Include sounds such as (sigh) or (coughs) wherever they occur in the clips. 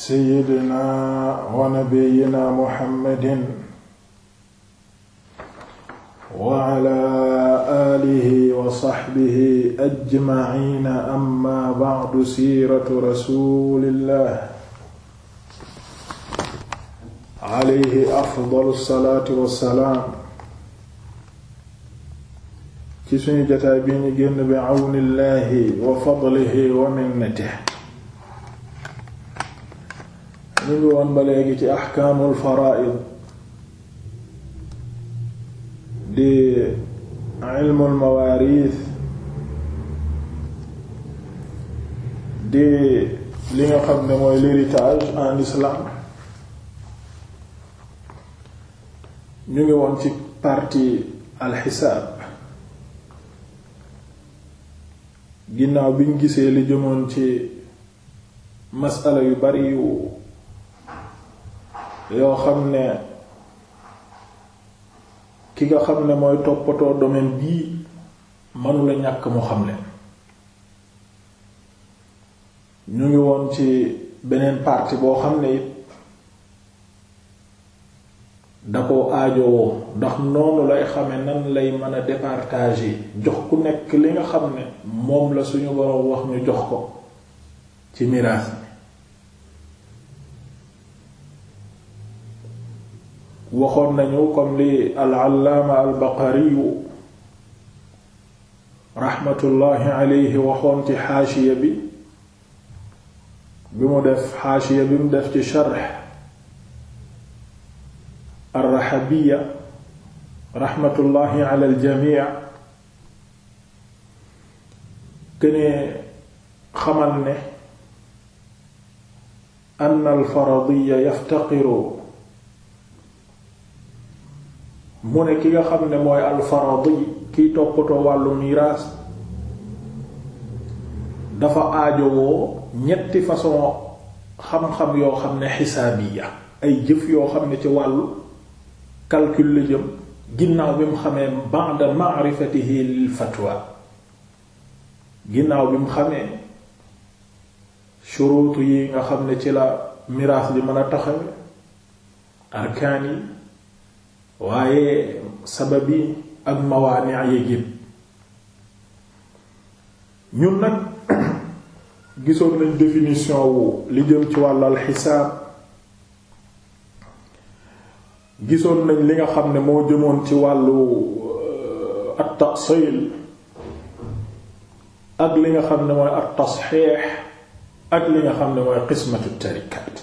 seyidina wa nabiyina muhammadin wa ala alihi wa saxbihi ajmaciina amma bacdu siiratu rasulillah alayhi afdalu salaatu wa salaam ci suñu jotaay bi ñu génn bi cawnillahi wa fadlihi wa minnatihi ñu ngi woon ba léegi ci ahkaamul fara'id di ilmul di nga xam ne mooy l'héritage en islam ñu ngi woon ci partie alxisaab ginnaaw biñ gisee li jëmoon ci masala yu bari yu yoo xam ne ki nga xam ne mooy toppatoo domaine bii manula ñàkk mu xam ne ñu ngi woon ci beneen partie boo xam ne it da ko aajowoo ndax noonu lay xame nan lay mën a yi jox ku nekk li nga xam ne moom la suñu boroom wax ñu jox ko ci miraas waxoon nañu comme li al-allaama al-baqariyu raxmatullaahi waxoon ci xaashiya bi bi mu def xaashiya bi mu def ci sharx ar-raxabiya raxmatullaahi ala al-jamii kënee xamal ne anna mu ne ki nga xam ne mooy alfaradi kiy toppatoo wàllu miraas dafa aajowoo ñetti façon xam-xam yoo xam ne xisaabiya ay jëf yoo xam ne ci wàllu calcul la jëm ginnaaw bi mu xamee ba'da ma'rifatihi lil fatwa ginnaaw bi mu xamee shuruutu yi nga xam ne ci la miraas li mën a taxawe arkaan yi waaye sababi ak mawaani yeeg yépp ñun nag (coughs) gisoon nañ définition wu li jëm ci wàllu alxisaab gisoon nañ li nga xam ne moo jëmoon ci wàllu euh, at ak li nga xam ne mooy at ak li nga xam ne mooy qismatu tarikaat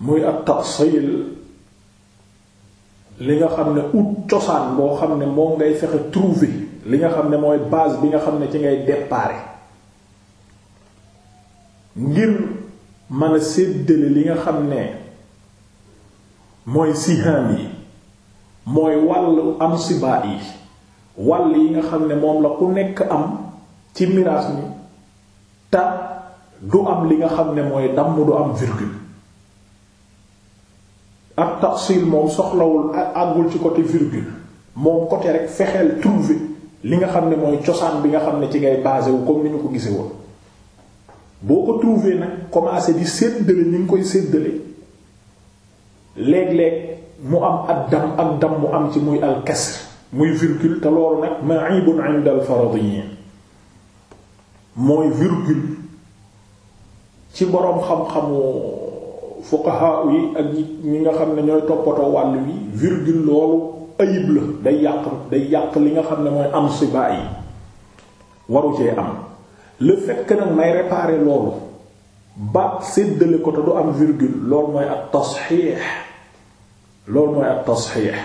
muy at li nga xam ne ut cosaan boo xam ne moom ngay fexe trouver li nga xam ne mooy base bi nga xam ne ci ngay déparé ngir mën a séddale li nga xam ne mooy sihaam yi mooy wàllu am sibaa yi wàll yi nga xam ne moom la ku nekk am ci miraas mi te du am li nga xam ne mooy damm du am virgule ak tafsil moom soxlawul àggul ci côté virgule moom côté rek fexeel trouver li nga xam ne mooy cosaan bi nga xam ne ci ngay basé wu comme ni ñu ko gise woon boo ko trouver nag commencé di séddale ni nga koy séddale léeg-léeg mu am ak dam ak dam mu am ci muy al kasr muy virgule te loolu nag ma'ibun 'inda al faradiyyin mooy virgule ci boroom xam-xamu fuqaha yi ak ñi nga xam ne ñooy toppatoo wàll wi virgule loolu ayib la day yàq day yàq li nga xam ne mooy am sibaa baa yi waru am le fait nag may réparer loolu ba séddale ko te du am virgule loolu mooy ak tasxiix loolu mooy ak tasxiix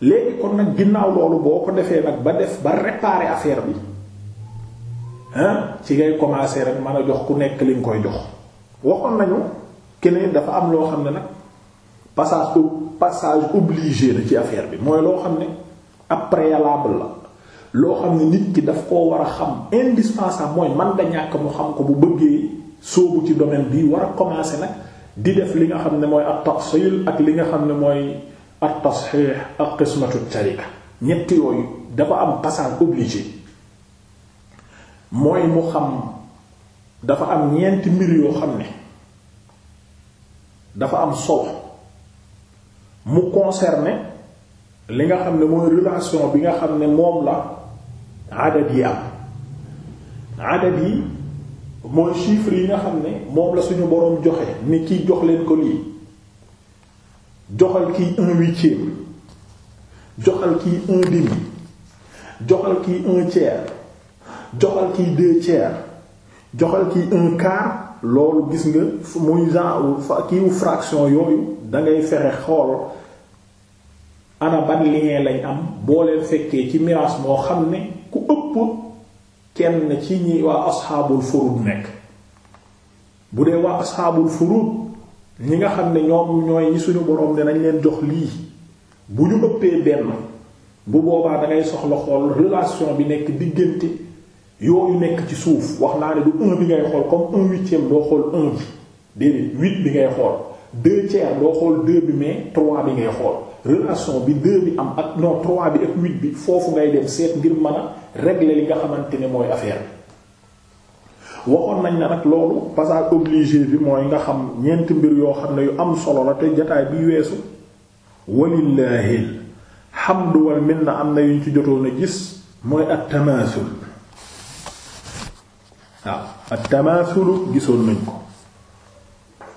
léegi kon nag ginnaaw loolu boo ko defee nag ba def ba réparer affaire bi hein ci ngay commencer rek mën a jox ku nekk li nga koy jox waxoon nañu keneen dafa am loo xam ne nag passage passage obligé la ci affaire bi mooy loo xam ne ab préalable la loo xam ne nit ki daf koo war a xam indispensable mooy man da ñàkk mu xam ko bu bëggee sóobu ci domaine bi war a commencer nag di def li nga xam ne mooy at-tafsil ak li nga xam ne mooy at-tashih ak qismatu tarika ñett yooyu dafa am passage obligé mooy mu xam. dafa am ñeenti mbir yoo xam ne dafa am solo mu concerné li nga xam ne mooy relation bi nga xam ne moom la adat yi am adat yi mooy chiffre yi nga xam ne moom la suñu boroom joxe ni kiy jox leen ko lii joxal kii un huitième joxal kii un demi joxal kii un tiers joxal kii deux tiers joxal kii un quart loolu gis nga muy genre kiiwu fraction yooyu dangay fexe xool ana ban lien lañ am boo leen fekkee ci miraas moo xam ne ku ëpp kenn ci ñi waa asxaabul furud nekk bu dee waa asxaabul furud ñi nga xam ne ñoom ñooy ñi suñu boroom ne leen jox lii bu ñu ëppee benn bu boobaa dangay soxla xool relation bi nekk diggante yooyu nekk ci suuf wax naa ne du un bi ngay xool comme un huitième doo xool un bi déedéet huit bi ngay xool deux tiers doo xool deux bi mais trois bi ngay xool relation bi deux bi am ak non trois bi ak huit bi foofu ngay dem seet ngir mën a régler li nga xamante ne mooy affaire bi waxoon nañ na nag loolu passage obligé bi mooy nga xam ñeenti mbir yoo xam ne yu am solo la te jataay bi weesu xam hamdu wal na am na yuñ ci jotoo a gis mooy at waaw at-tamathul gisoon nañ ko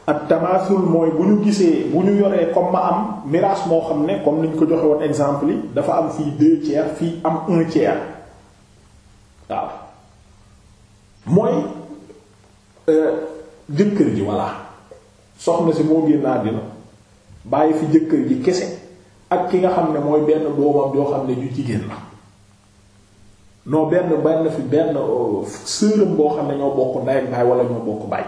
at-tamathul mooy bu ñu gisee bu ñu yoree comme ma am miraas moo xam ne comme niñ ko joxe woon exemple yi dafa am fii deux tiers fii am un tiers waaw mooy euh, jëkkër ji walla soxna si moo génn àddina bàyyi fi jëkkër ji kese ak ki nga xam ne mooy benn doomam yoo xam ne ju jigéen la non benn benn fi benn euh, sërëm boo xam ne ñoo bokk ndey baay wala ñoo bokk baay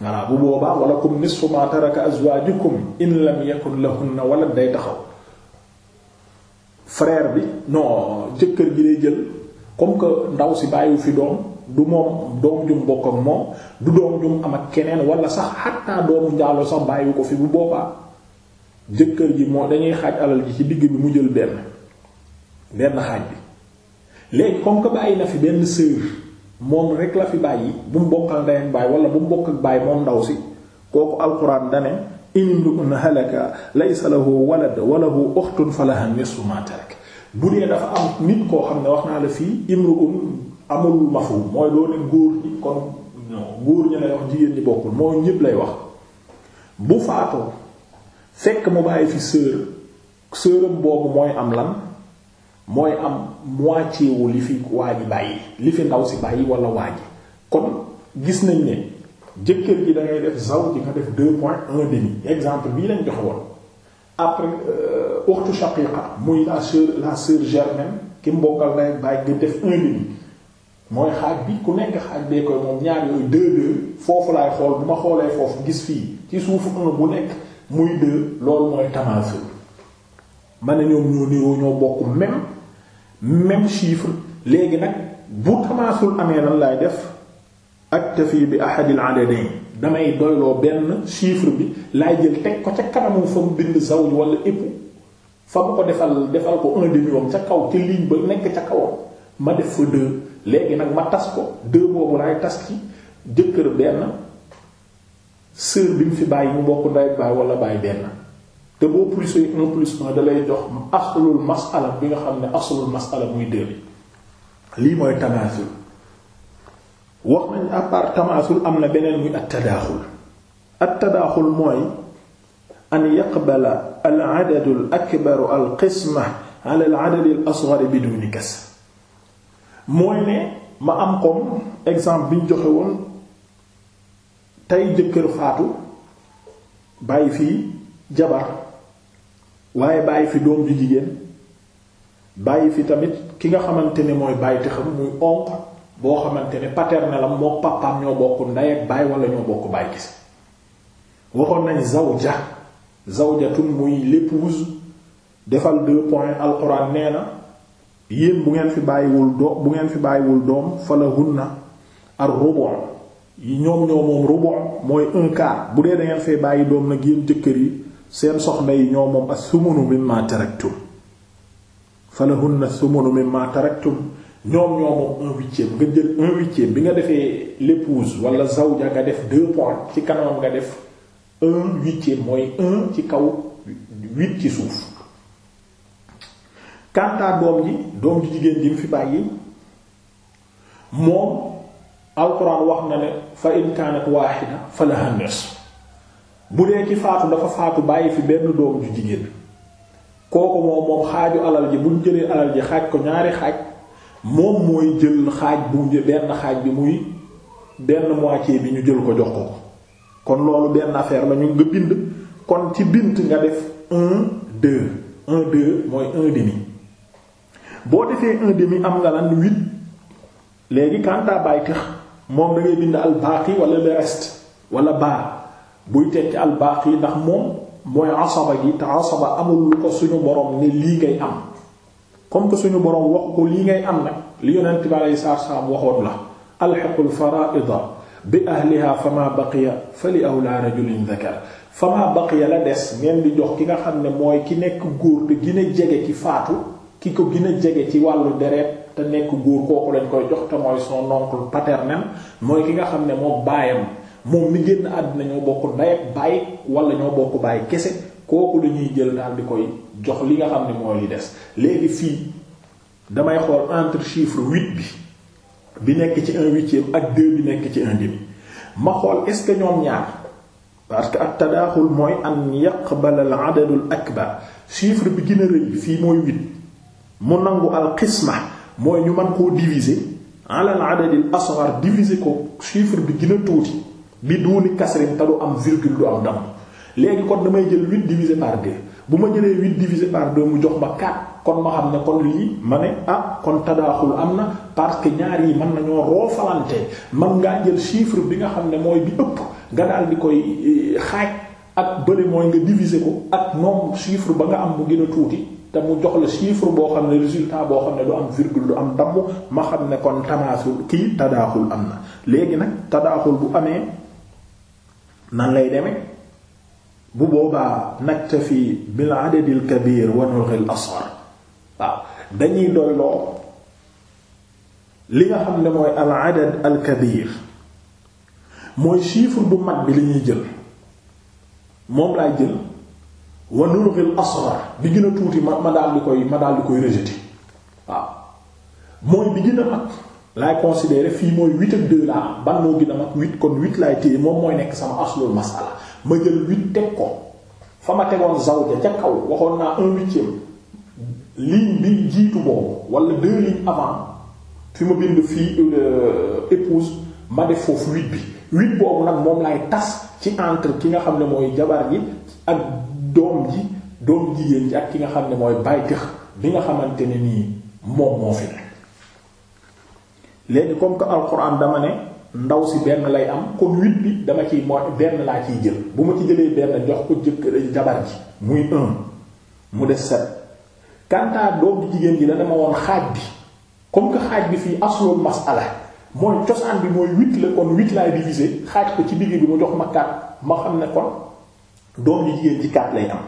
voilà bu boobaa wala kum nisfu ma taraka azwajukum in lam yakun lahunna wala day taxaw frère bi non jëkkër ji lay jël comme que ndaw si bàyyiwu fi doom du moom doom jum bokk moom du doom jum am ak keneen wala sax xattaa doomu njaaloo sax bàyyiwu ko fi bu boobaa jëkkër ji moo dañuy xaaj alal ji ci digg bi mu jël benn benn xaaj bi léegi comme que bàyyi na fi benn sœur moom rek la fi bàyyi bu mu bokkal ndey ak baay wala bu mu bokk ak baay moom ndaw si kooku alquran dane in wa lahu ukhtun falaha nisfu ma bu dee dafa am nit koo xam ne wax naa la fii imru'un amul mafhum mooy doo ne góor ñi wax jigéen ñi bokkul mooy ñépp lay wax bu faatoo fekk mu bàyyi fi sœur sœuram boobu mooy am lan mooy am moitié wu li fi waa ji bàyyi li fi ndaw si bàyyi wala waa ji kon gis nañ ne jëkkër ji da ngay def zaw ji nga def deux point un demi exemple bii lañ joxe woon après ukhtu shaqiqa muy la sœur la sœur germaine ki mbokkal na bàyyi nga def un demi mooy xaaj bi ku nekk xaaj bee koy moom ñaar yooyu deux deux foofu laay xool bu xoolee foofu gis fii ci suufu un bu nekk muy deux loolu mooy tamasul ma ne ñoom ñoo niroo ñoo bokk même même chiffre léegi nag bu tamaasul amee lan lay def aktafi bi ahadil adadayn damay doyloo benn chiffre bi laay jël teg ko ca kanamu fa mu bind zawj wala époux fa mu ko defal defal ko un demi ca kaw ca ligne ba nekk ca kawam ma def fa deux léegi nag ma tas ko deux boobu laay tas ci jëkkër benn sœur bi mu fi bàyyi mu bokk ndey baay wala baay benn te boo plusee un plus un da lay jox aslul masala bi nga xam ne aslul masala muy dëri lii mooy tamaasul wax nañ à part tamaasul am na beneen muy attadaaxul attadaaxul mooy an yaqbala al adadu al ne am comme exemple bi ñu joxe woon tey jëkkër faatu bàyyi fii jabar waaye bàyyi fi doom ju jigéen bàyyi fi tamit ki nga xamante ne mooy bàyyi te xam muy oncle boo xamante ne paternel am moo papaam ñoo bokk ndey ak baay wala ñoo bokk baay gis waxoon nañ zawja zawjatun muy l'épouse defal deux points alxuraan nee na yéen bu ngeen fi bàyyiwul doom bu ngeen fi bàyyiwul doom falahunna ar-rubu' yi ñoom ñoo moom mooy un bu dee da ngeen bàyyi doom nag yéen jëkkër yi seen soxna yi ñoo moom as-sumunu na su falahunna sumunu mimma taraktum ñoom ñoo moom un huitième nga jël un huitième bi nga defee l'épouse wala zawja nga def deux points ci kanam nga def un huitième mooy un ci kaw huit ci suuf kantaa doom ji doom ji jigéen ji mu fi bàyyi moom alxuraan wax na ne fa in kaanat waaxida falaha nisf bu dee ci faatu dafa faatu bàyyi fi benn doom ju jigéen kooku moom moom xaaju alal ji buñ jëlee alal ji xaaj ko ñaari xaaj moom mooy jël xaaj bu benn xaaj bi muy benn moitié bi ñu jël ko jox ko kon loolu benn affaire la ñu nga bind kon ci bint nga def un deux mooy un boo defee un demi am nga lan huit léegi quant à tax moom da bind al baaqi wala le reste wala baa buy tekki yi ndax moom mooy asaba gi te asaba amul lu ko suñu borom ni lii ngay am comme que suñu borom wax ko lii ngay am nag li yonent bi alayhi salaatu salaam waxoon la alhiqul faraa'ida bi ahliha fama baqiya fali awla rajulin dhakar fama baqiya la des ngeen di jox ki nga xam ne mooy ki nekk góor te gën a jege ki faatu ki ko gën a jege ci wàllu deret te nekk góor kooku lañ koy jox te mooy son oncle paternel mooy ki nga xam ne moom baayam moom mi génn àddina ñoo bokk ndey ak baay wala ñoo bokk baay kese kooku lañuy jël daal di koy jox li nga xam ne mooy li des léegi fii damay xool entre chiffre huit bi bi nekk ci un huitième ak deux bi nekk ci un demi ma xool est-ce que ñoom ñaar parce que ak tadaaxul mooy an yaqbal al adad al akbar chiffre bi gën a rëy fii mooy huit mu nangu alxisma mooy ñu mën koo diviser ala al adad al asghar diviser ko chiffre bi gën tuuti. bi duuni kasrin te du am virgule du am damm léegi kon damay jël 8 divisé par bu ma jëlee 8 divisé par 2 mu jox ma kon ma xam ne kon lii ma ne ah kon tadaaxul am na parce que ñaar yi mën nañoo roofalante man ngaa jël chiffre bi nga xam ne mooy ëpp nga di koy eh, xaaj ak bële nga diviser ko ak nombre chiffre ba nga am bu gën a tuuti te mu jox la chiffre boo xam ne résultat boo xam du am virgule ma xam ne kon tamaasul kii tadaaxul am léegi nag tadaaxul bu amee. nan lay demee bu boobaa naktafi bil adadil kabir wa nughil asghar waaw dañuy doyloo li nga xam ne mooy al adad al kabir mooy chiffre bu mag bi li ñuy jël moom laay jël wa nughil asghar bi gën a tuuti ma ma daal di koy ma daal di koy rejeter waaw mooy bi gën a mag laay considérer fii mooy huit ak deux laa am ban moo gën a mag huit kon huit laay téye moom mooy nekk sama aslul masala ma jël huit teg ko fa ma tegoon zawja ca kaw waxoon naa un huitième ligne bi jiitu boobu wala deux lignes avant fi ma bind fii euh, épouse ma def foofu huit bi huit boobu nag moom laay tas ci entre ki nga xam ne mooy jabar gi ak doom ji doom jigéen ji ak ki nga xam ne mooy baytëx bi nga xamante ne nii moom moo fi léegi comme que alxuraan dama ne ndaw si benn lay am kon huit bi dama ciy mo benn laa ciy jël bu ma ci jëlee benn jox ko jëkk jabar ji muy un mu des sept kantaa doom jigéen ji dana ma woon xaaj bi comme que xaaj bi fii aslul masala mooy cosaan bi mooy huit la kon huit laay diviser xaaj ko ci digg bi mu jox ma quatre ma xam ne kon doom ji jigéen ji quatre lay am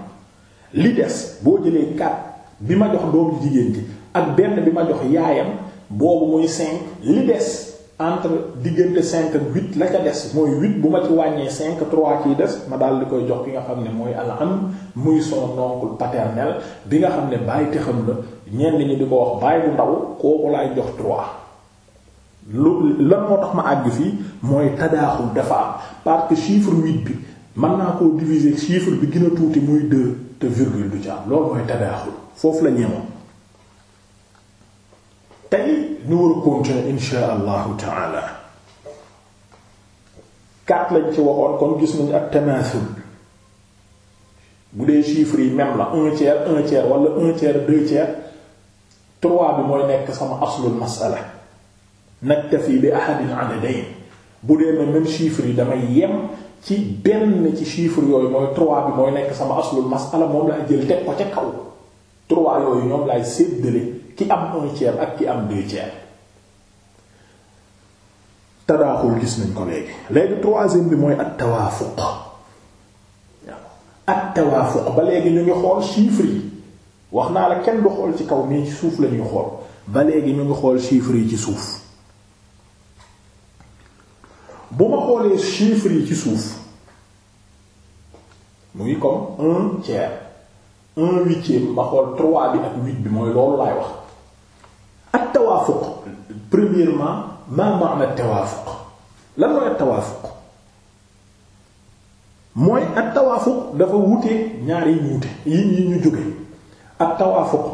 li des boo jëlee quatre bi ma jox doom ji jigéen ji ak benn bi ma jox yaayam boobu muy cinq li des entre diggante cinq ak huit la ca des mooy huit bu ma ci wàññee cinq trois ciy des ma daal di koy jox ki nga xam ne mooy alxam muy son oncle paternel bi nga xam ne bàyyi texam la ñenn ñi di ko wax bàyyi bu ndaw kooku laay jox trois lu lan moo tax ma àgg fii mooy tadaaxul dafa am parce que chiffre huit bi mën naa koo diviser chiffre bi gën a tuuti muy deux te virgule du ci loolu mooy tadaaxul foofu la ñeemoon tey ñu war a continuer insha allahu taala quatre lañ ci waxoon kon gis nañu ak tamasul bu dee chiffres yi même la un tiers un tiers wala trois bi mooy nekk sama aslul masala naktafi bi ahadil adadayn bu dee na même chiffres yi damay yem ci benn ci chiffres yooyu mooy trois bi mooy nekk sama aslul masala moom laa jël teg ko ca kaw trois yooyu ñoom laay séddale ki am un ak ki am deux tiers tadaaxul gis nañ ko léegi léegi troisième bi mooy at tawaafuq at tawaafuq ba léegi ñu ngi xool chiffres wax naa la kenn du xool ci kaw mais suuf la ñuy xool ba léegi ñu ngi xool chiffres yi ci suuf bu ma xoolee chiffres ci suuf mu ngi comme un tiers un huitième ma xool trois bi ak huit bi mooy loolu laay wax ak tawaafuq premièrement ma ma'na tawaafuq lan mooy ak tawaafuq dafa wute ñaari yi ñu wute yi ñu jóge ak tawaafuq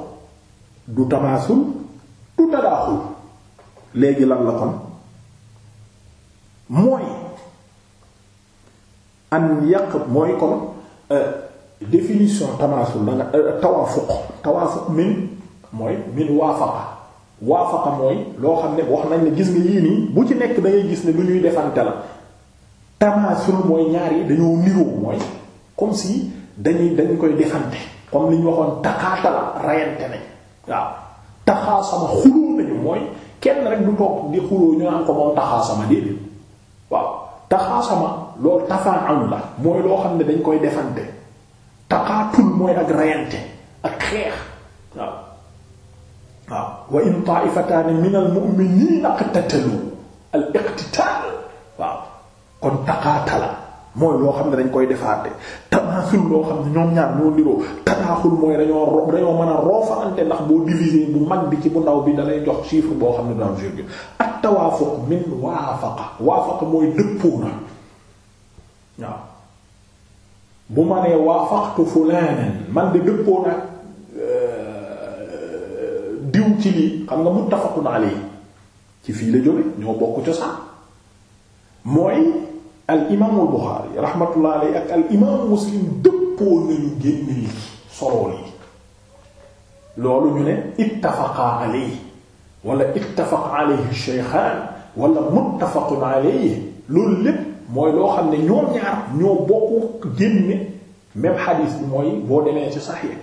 du tamaasul du tadaaxul léegi lan la kon mooy an yàq mooy kon euh, définition tamaasul la nga euh, tawaafuq tawaafuq mooy min waafaqa waafaqa mooy loo xam ne wax nañ ne gis ni yii nii bu ci nekk da gis ne lu ñuy defante la tamaasul mooy ñaar yi dañoo niroo mooy comme si dañuy dañ koy defante comme li waxoon taxaatala rayante nañ waaw taxaasama xuloo nañu rek du toog di xuloo ñu am ko moom taxaasama déedéet waaw la mooy loo xam ne dañ koy defante taxaatul mooy ak rayante ak xeex waaw waaw wa in taa'ifataani minal mu'miniina iqtatalu al iqtitaal waaw kon taqaatala mooy loo xam ne dañ koy defaate tanaasul loo xam ne ñoom ñaar ñoo niroo tanaaxul mooy dañoo dañoo a roofalante ndax boo diviser bu mag bi ci bu ndaw bi dalay jox chiffre boo xam ne du am virgule at tawaafuq min waafaqa waafaqa mooy dëppoo na waaw bu ma nee waafaqtu fulaanan man de dëppoo nag diw lii xam nga muttafaqun alayhi ci fii la jóge ñoo bokk cosaan mooy al imaamul Buxaari rahmatullah ak al Muslim dëppoo nañu génn lii solool yi loolu ñu ne ittafaqa alayhi wala ittafaqa alayhi shaykhaan wala ci saxiix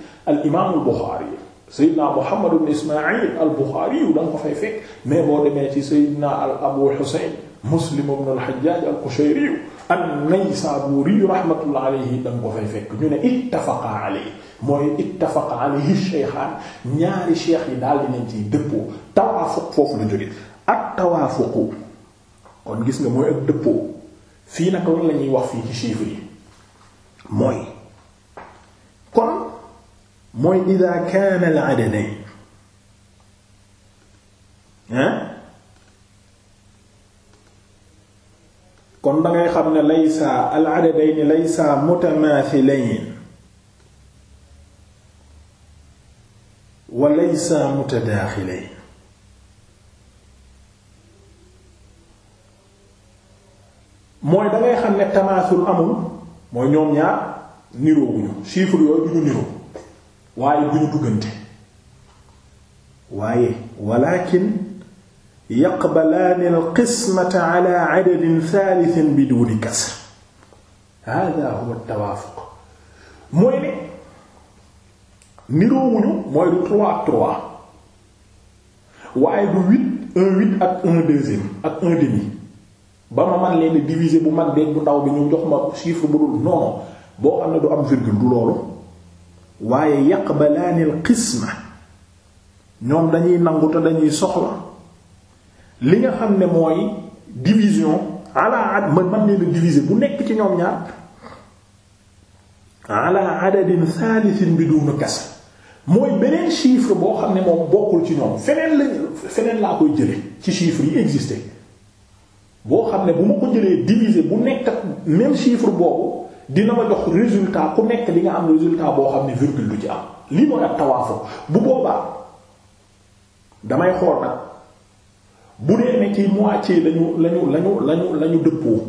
Seydina Muhammad ibn Ismaïl al-Bukhari yu ko fay fekk mais boo demee ci Seydina al Abu Husayn Muslim ibn al-Hajjaj al-Qushayri yu an-Naysaburi rahmatullah alayhi da nga ko fay fekk ñu ne ittafaqa alayhi mooy ittafaqa alayhi shaykhan ñaari yi daal dinañ ciy dëppoo tawaafuq foofu la jóge ak tawaafuqu kon gis nga mooy ak dëppoo fii nag lan la wax fii ci chiffres yi mooy mooy ida kaana al adadayn hein kon dangay xam ne laysa al adadayn laysa mutamaathilayn wa laysa mutadaaxilayn mooy dangay xam ne tamaasul amul mooy ñoom ñaar niroowuñu chiffre yooyu duñu niroo waaye duñu duggante waaye walakin yaqbalaani alqismata ala adadin thalithin biduni kasr hada huwa tawaafuq mooy ne niroowuñu mooy trois trois waaye du huit ak un ak un ba ma man leen diviser bu mag beeg bu ndaw bi ñu jox ma chiffre bu dul non boo xam ne du am virgule loolu waaye yaqbalaanil qisma ñoom dañuy nangu te dañuy soxla li nga xam ne mooy division ala ad man man leen diviser bu nekk ci ñoom ñaar ala adadin thalithin bi duuna kas mooy beneen chiffre boo xam ne moom bokkul ci ñoom feneen la feneen laa koy jële ci chiffre yi existé boo xam ne bu ma ko jëlee diviser bu nekk ak même chifre boobu dina ma jox résultat ku nekk di nga am résultat boo xam ne virgule du ci am lii mooy ak tawaaful bu boobaa damay xool nag bu dee ne ci moitié lañu lañu lañu lañu lañu dëppoo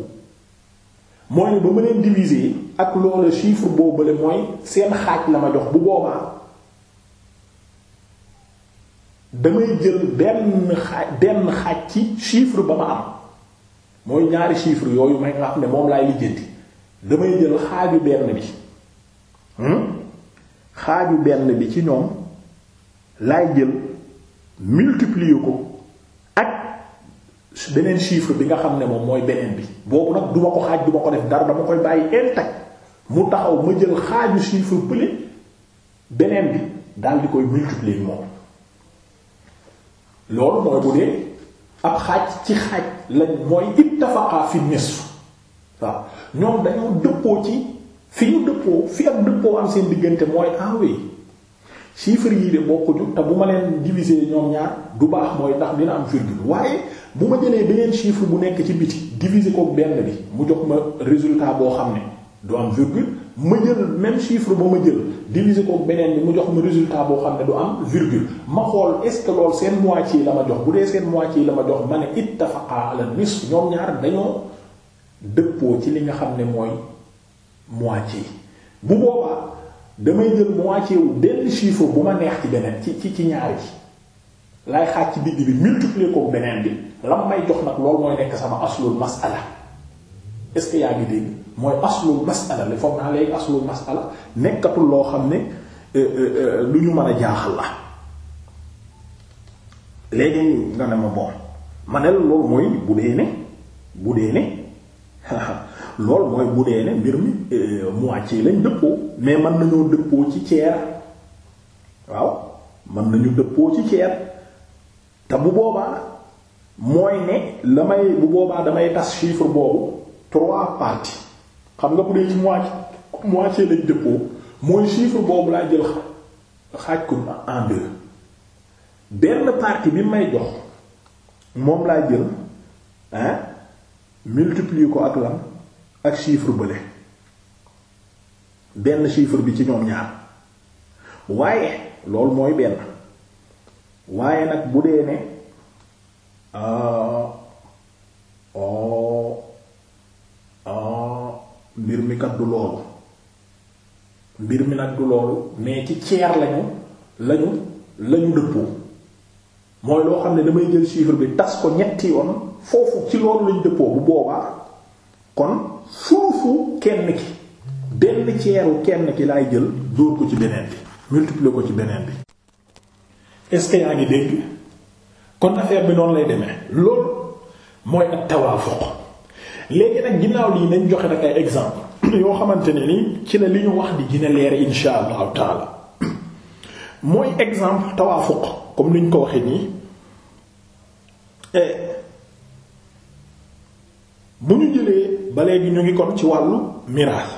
mooy ne ba ma leen diviser ak loolu chiffre boobale mooy seen xaaj la bu boobaa damay jël benn xaaj benn xaaj ci chiffre ba ma am mooy ñaari chiffre yooyu may nga xam ne moom laay lijjanti damay jël xaaju benn bi hmm? xaaju benn bi ci ñoom laay jël multiplier ko ak beneen chiffre bi nga xam ne moom mooy beneen bi boobu nag duma ko xaaj duma ko def dara dama koy bàyyi intact mu taxaw ma jël xaaju chiffre pële beneen bi daal di koy multiplier moom loolu mooy bu dee ab xaaj ci xaaj lañ mooy ittafaqa fi nisf waaw ñoom dañoo dëppoo ci fi ñu dëppoo fi ak dëppoo am seen diggante mooy enwey ah chiffres yii de boo bokkuñu te bu ma leen diviser ñoom ñaar du baax mooy ndax dina am virgule waaye bu ma jëlee beneen chiffre bu nekk ci biti diviser ko benn bi mu jox ma résultat boo xam ne du am virgule ma jël même chiffre ba ma jël diviser ko beneen bi mu jox ma résultat boo xam ne du am virgule ma xool est-ce que lool seen moitié la ma jox bu dee seen moitié la ma jox ma ne ittafaqa ala nisf ñoom ñaar dañoo dëppoo ci li nga xam ne mooy moitié bu boobaa damay jël moitié wu benn bu ma neex ci beneen ci ci ci ñaari yi laay xaaj ci digg bi multiplier ko beneen bi lam may jox nag loolu mooy nekk sama aslul mas'ala est yaa ngi dégg mooy aslul mas'ala li foog naa léegi aslul mas'ala nekkatul loo xam ne euh, euh, euh, lu ñu mën a jaaxal la léegi nga ne ma bon ma ne loolu mooy bu dee ne bu dee ne (laughs) loolu mooy bu dee ne mbir mi euh, moitié lañ dëppoo mais mën nañoo dëppoo ci ceer waaw mën nañu dëppoo ci ceer te bu boobaa mooy ne la may bu boobaa damay tas chiffre boobu trois parties xam nga bu dee ci moitié moitié lañ dëppoo mooy chiffre boobu laa jël xaaj ko en deux benn partie bi may jox moom laa jël hein multiplier ko ak lan ak chiffre bële benn chiffre bi ci ñoom ñaar waaye loolu mooy benn waaye nag bu dee ne ah, oh, ah, mbir mi kat du loolu mbir mi nag du loolu mais ci tiers lañu lañu lañu mooy loo xam ne damay jël chiffre bi tas ko ñetti yoon foofu ci loolu lañ dëppoo bu boobaa kon foofu kenn ki benn ceeru kenn ki laay jël dóor ko ci beneen bi multiplier ko ci beneen bi est yaa ngi dégg kon affaire bi noonu lay demee loolu mooy ak tawaafuq léegi nag ginnaaw lii nañ joxe nag ay exemple (coughs) yoo xamante ne ni ci la li ñu wax di gën a leer insha allahu taala mooy exemple tawaafuq comme ni ñu ko waxee nii eh, bu ñu jëlee ba léegi ñu ngi kon ci wàllu miraas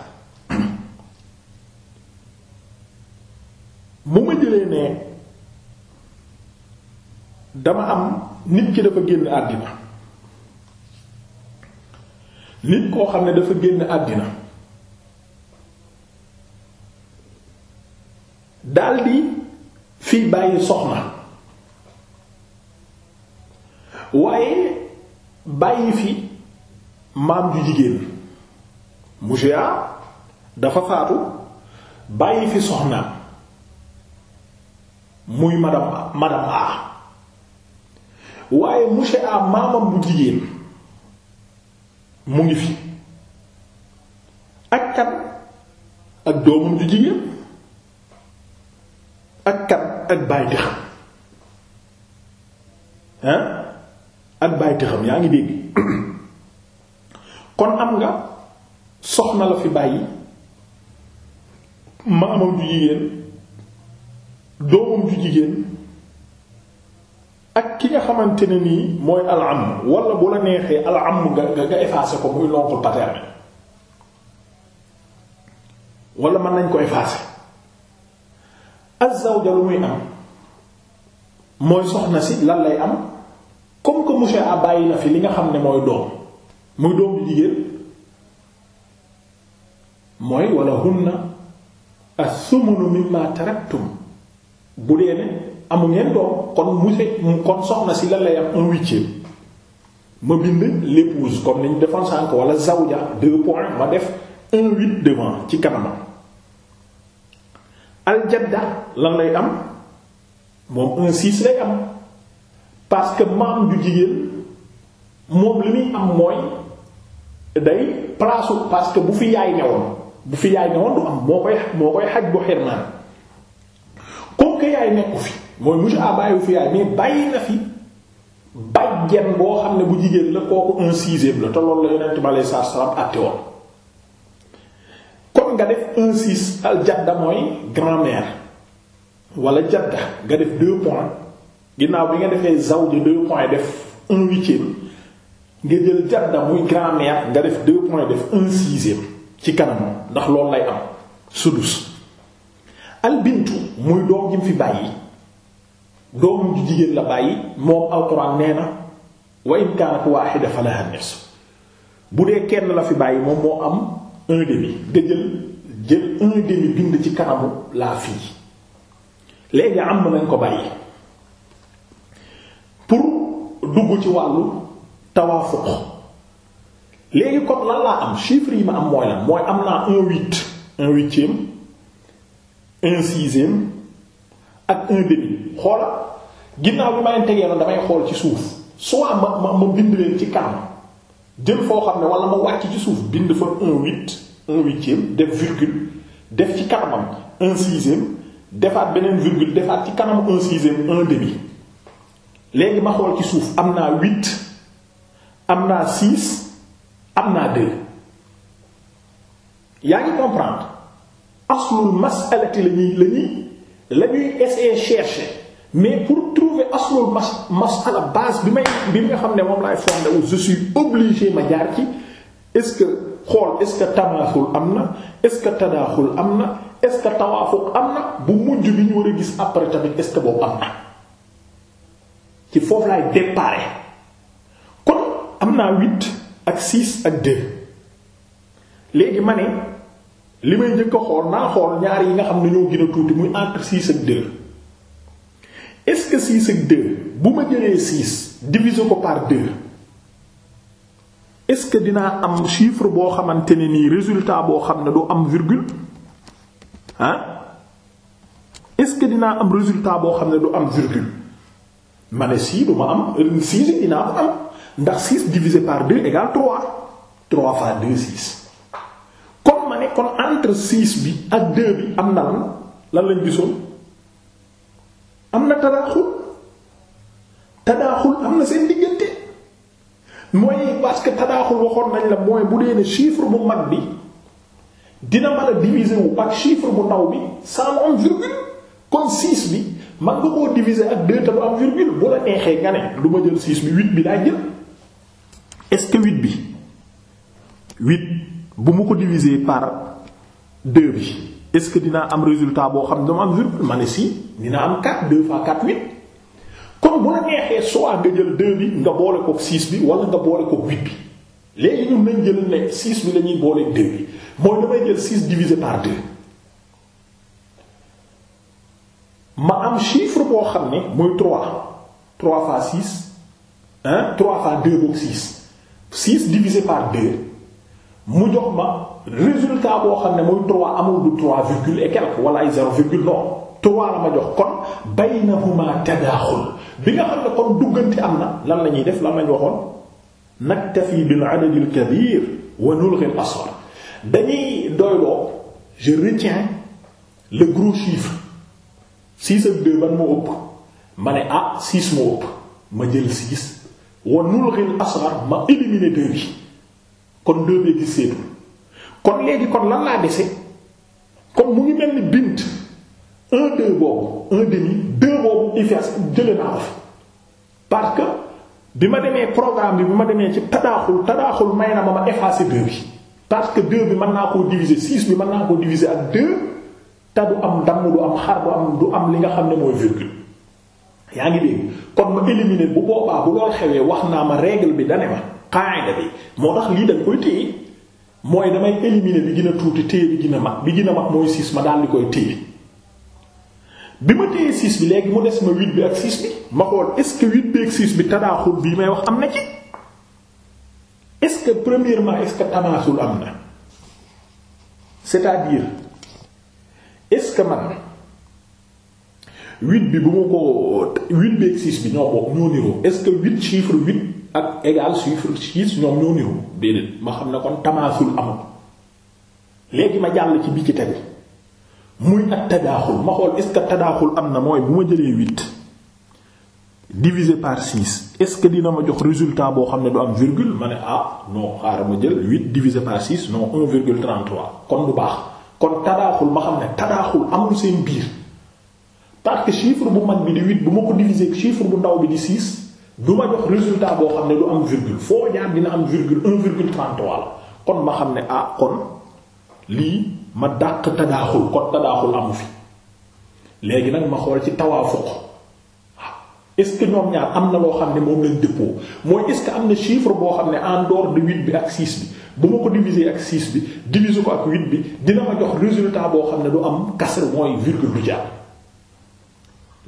mu ma jëlee ne dama am nit ki dafa génn àddina nit koo xam ne dafa génn àddina daldi fi bàyyi soxna waaye bàyyi fi maam ju jigéen mujea dafa faatu bàyyi fi soxnaam muy madame a madame waaye mujea maamam bu jigéen mu ngi fi ak kan ak doomam ju jigéen ak kan ak bàyyi tëxam hein ak bàyyi tëxam yaa ngi dégg (clears throat) kon am nga soxna la fi bàyyi ma amam ju jigéen doomam ju jigéen ak ki nga xamante ne nii mooy al'am wala bu la neexee al'am nga nga effacé ko muy l'oncle paternel wala man nañ ko effacé az-zawja muy am mooy soxna si lan lay am comme que monsieur a bàyyi na fi li nga xam ne mooy doom muy doom bi jigéen mooy wala hunna as-sumunu mimma taraktum bu dee ne amu ngeen doom kon muse kon soxna si lan lay am un ma bind l'épouse comme niñ defoon sànk wala zawja deux points ma def un huit devant ci kanamam aljadda lan lay am moom un six lay am parce que maam ju jigéen moom li muy am mooy day place parce que bu fi yaay newoon bu fi yaay newoon du am moo koy moo koy xaj bu xirmaan comme yaay nekku fi mooy monsieur A bàyyiwu fi yaay mais bàyyi na fi bàjjen boo xam ne bu jigéen la kooku un sixième la te loolu la yonent bi aleyhi salaam àtte woon kon nga def un al jadda mooy grand-mère wala jadda nga def deux points ginnaaw bi nga defee zawj deux points def un huitième nga jël jadda muy grammaire nga def deux points def un sixième ci kanam ndax loolu lay am sudus albintu muy doom fi bàyyi doomam ju jigéen la bàyyi moom alxuraan nee na wa in kaanat waahida falaha nisf bu dee kenn la fi bàyyi moom moo am un demi nga jël un demi bind ci kanamu la fille léegi am nañ ko bàyyi pour dugg ci wàllu tawaafuq léegi kon lan laa am chiffre yi ma am mooy lan mooy am naa un huit un huitième un sixième ak un demi xoola ginnaaw bi ma tegee noonu damay xool ci suuf soit ma ma ma bind leen ci kanam jël foo xam ne wala ma wàcc ci suuf bind fa un huit un huitième def virgule def ci kanamam un sixième defaat beneen virgule defaat ci kanam un sixième un demi léegi ma xool ci suuf am naa huit am naa six am naa deux yaa ngi comprendre aslul masalati la ñuy la ñuy la mais pour trouver aslul mas masala base bi may bi nga xam ne moom laay fondé wu je suis ma jaar ci est-ce que xool est-ce que tamaasul am na est-ce que tadaaxul am na est-ce que tawaafuq am na bu mujj bi ñu war a gis après tamit est-ce que boobu am na ci foofu laay déparé naa huit ak six ak deux léegi ma ne li may njëkk a xool naa xool ñaar yi nga xam ne ñoo gën a tuuti muy entre six ak deux est-ce que six ak deux bu ma jëlee six diviser ko par deux est-ce que dinaa am chiffre boo xamante ne nii résultat boo xam ne du am virgule ah est-ce que dinaa am résultat boo xam ne du am virgule ma ne sii du ma am sii dinaa ko am ndax 6 divisé par 2 égale 3 3 fois 2 6 comme ma ne kon entre 6 bi ak 2 bi am na lan lan lañ gisoon am na tadaaxul tadaaxul am na seen diggante mooy parce que tadaaxul waxoon nañ la mooy bu dee ne chiffre bu mag bi dina ma a diviser wu ak chiffre bu ndaw bi sans mu am virgule kon 6 bi man nga koo diviser ak 2 te du am virgule bu la neexee nga ne du ma jël 6 bi 8 bi laa jël. est-ce que huit bi huit bu mu ko diviser par deux bi est-ce que dinaa am résultat boo xam ne dama am virgule ma ne si dinaa am quatre deux fois quatre huit kon bu la neexee soit nga jël deux bi nga boole ko six bi wala nga boole ko huit bi léegi ñun nañ jël ne six bi la ñuy boole deux bi mooy damay jël six divisé par deux ma am chiffre boo xam ne muy trois trois fois six hein trois fois deux boobu six six divisé par deux mu jox ma résultat boo xam ne muy trois amul du trois virgule et quelque wala ay zéro virgule non trois la ma jox kon baynahuma tadaaxul bi nga xam ne kon duggante am na lan la ñuy def lan lañ waxoon naktafi bil adad al kabir wa nulghi al asghar dañuy doyloo je retiens le gros chiffre six ak deux ban moo ëpp ma ne ah six moo ëpp ma jël six wa nulxil asghar ma éliminer deux bi kon deux bee gis seetul kon léegi kon lan laa dese kon mu ngi mel ni bint un deux boobu un demi deux boobu ifas jële naa ko parce que bi ma demee programme bi bi ma demee ci tadaaxul tadaaxul may na ma ma effacer deux bi parce que deux bi mën naa koo diviser six bi mën naa koo diviser ak deux te du am damm du am xar du am du am li nga xam ne mooy virgule yaa ngi dégg kon ma éliminer bu boobaa bu lool xewee wax naa ma règle bi dane ma qaida bi moo tax lii dañ koy téye mooy damay éliminer bi gën tuuti téye bi gën a mag bi gën a mag mooy 6 ma daal di koy téye bi ma téye 6 bi léegi mu des ma 8 bi ak 6 bi ma xool est-ce que 8 bi ak 6 bi tadaaxul bii may wax am na ci est-ce que premièrement est-ce que tamaasul am na c'est-à-dire est-ce que huit bi bu ma ko huit beeg six bi ñoo bokk ñoo niroo est-ce que huit chiffre huit ak égal chiffre six ñoom ñoo niroo déedéet ma xam ne kon tamaasul amul léegi ma bi ci tegu muy ak tadaaxul ma xool est-ce que tadaaxul am na mooy bu ma jëlee huit divisé par six est-ce que dina ma jox résultat boo xam ne du am virgule ma ne ah non xaaral ma jël huit divisé par six non un virgule trente-trois kon bu baax kon tadaaxul ma xam ne tadaaxul amul seen biir. parce que chiffre bu mag bi di huit bu ma ko diviser chiffre bu ndaw bi di six du ma jox résultat boo xam ne du am virgule foo jaar dina am virgule un virgule trente-trois kon ma xam ne ah kon lii ma dàq tadaaxul kon tadaaxul amu fi léegi nag ma xool ci tawaafuq ah, est-ce que ñoom ñaar am na loo xam ne moom lañ dëppoo mooy est-ce que am na chiffre boo xam ne en dehors de bi ak six bi bu ma ko diviser ak six bi diviser ko ak huit bi dina ma jox résultat boo xam ne du am kasr mooy virgule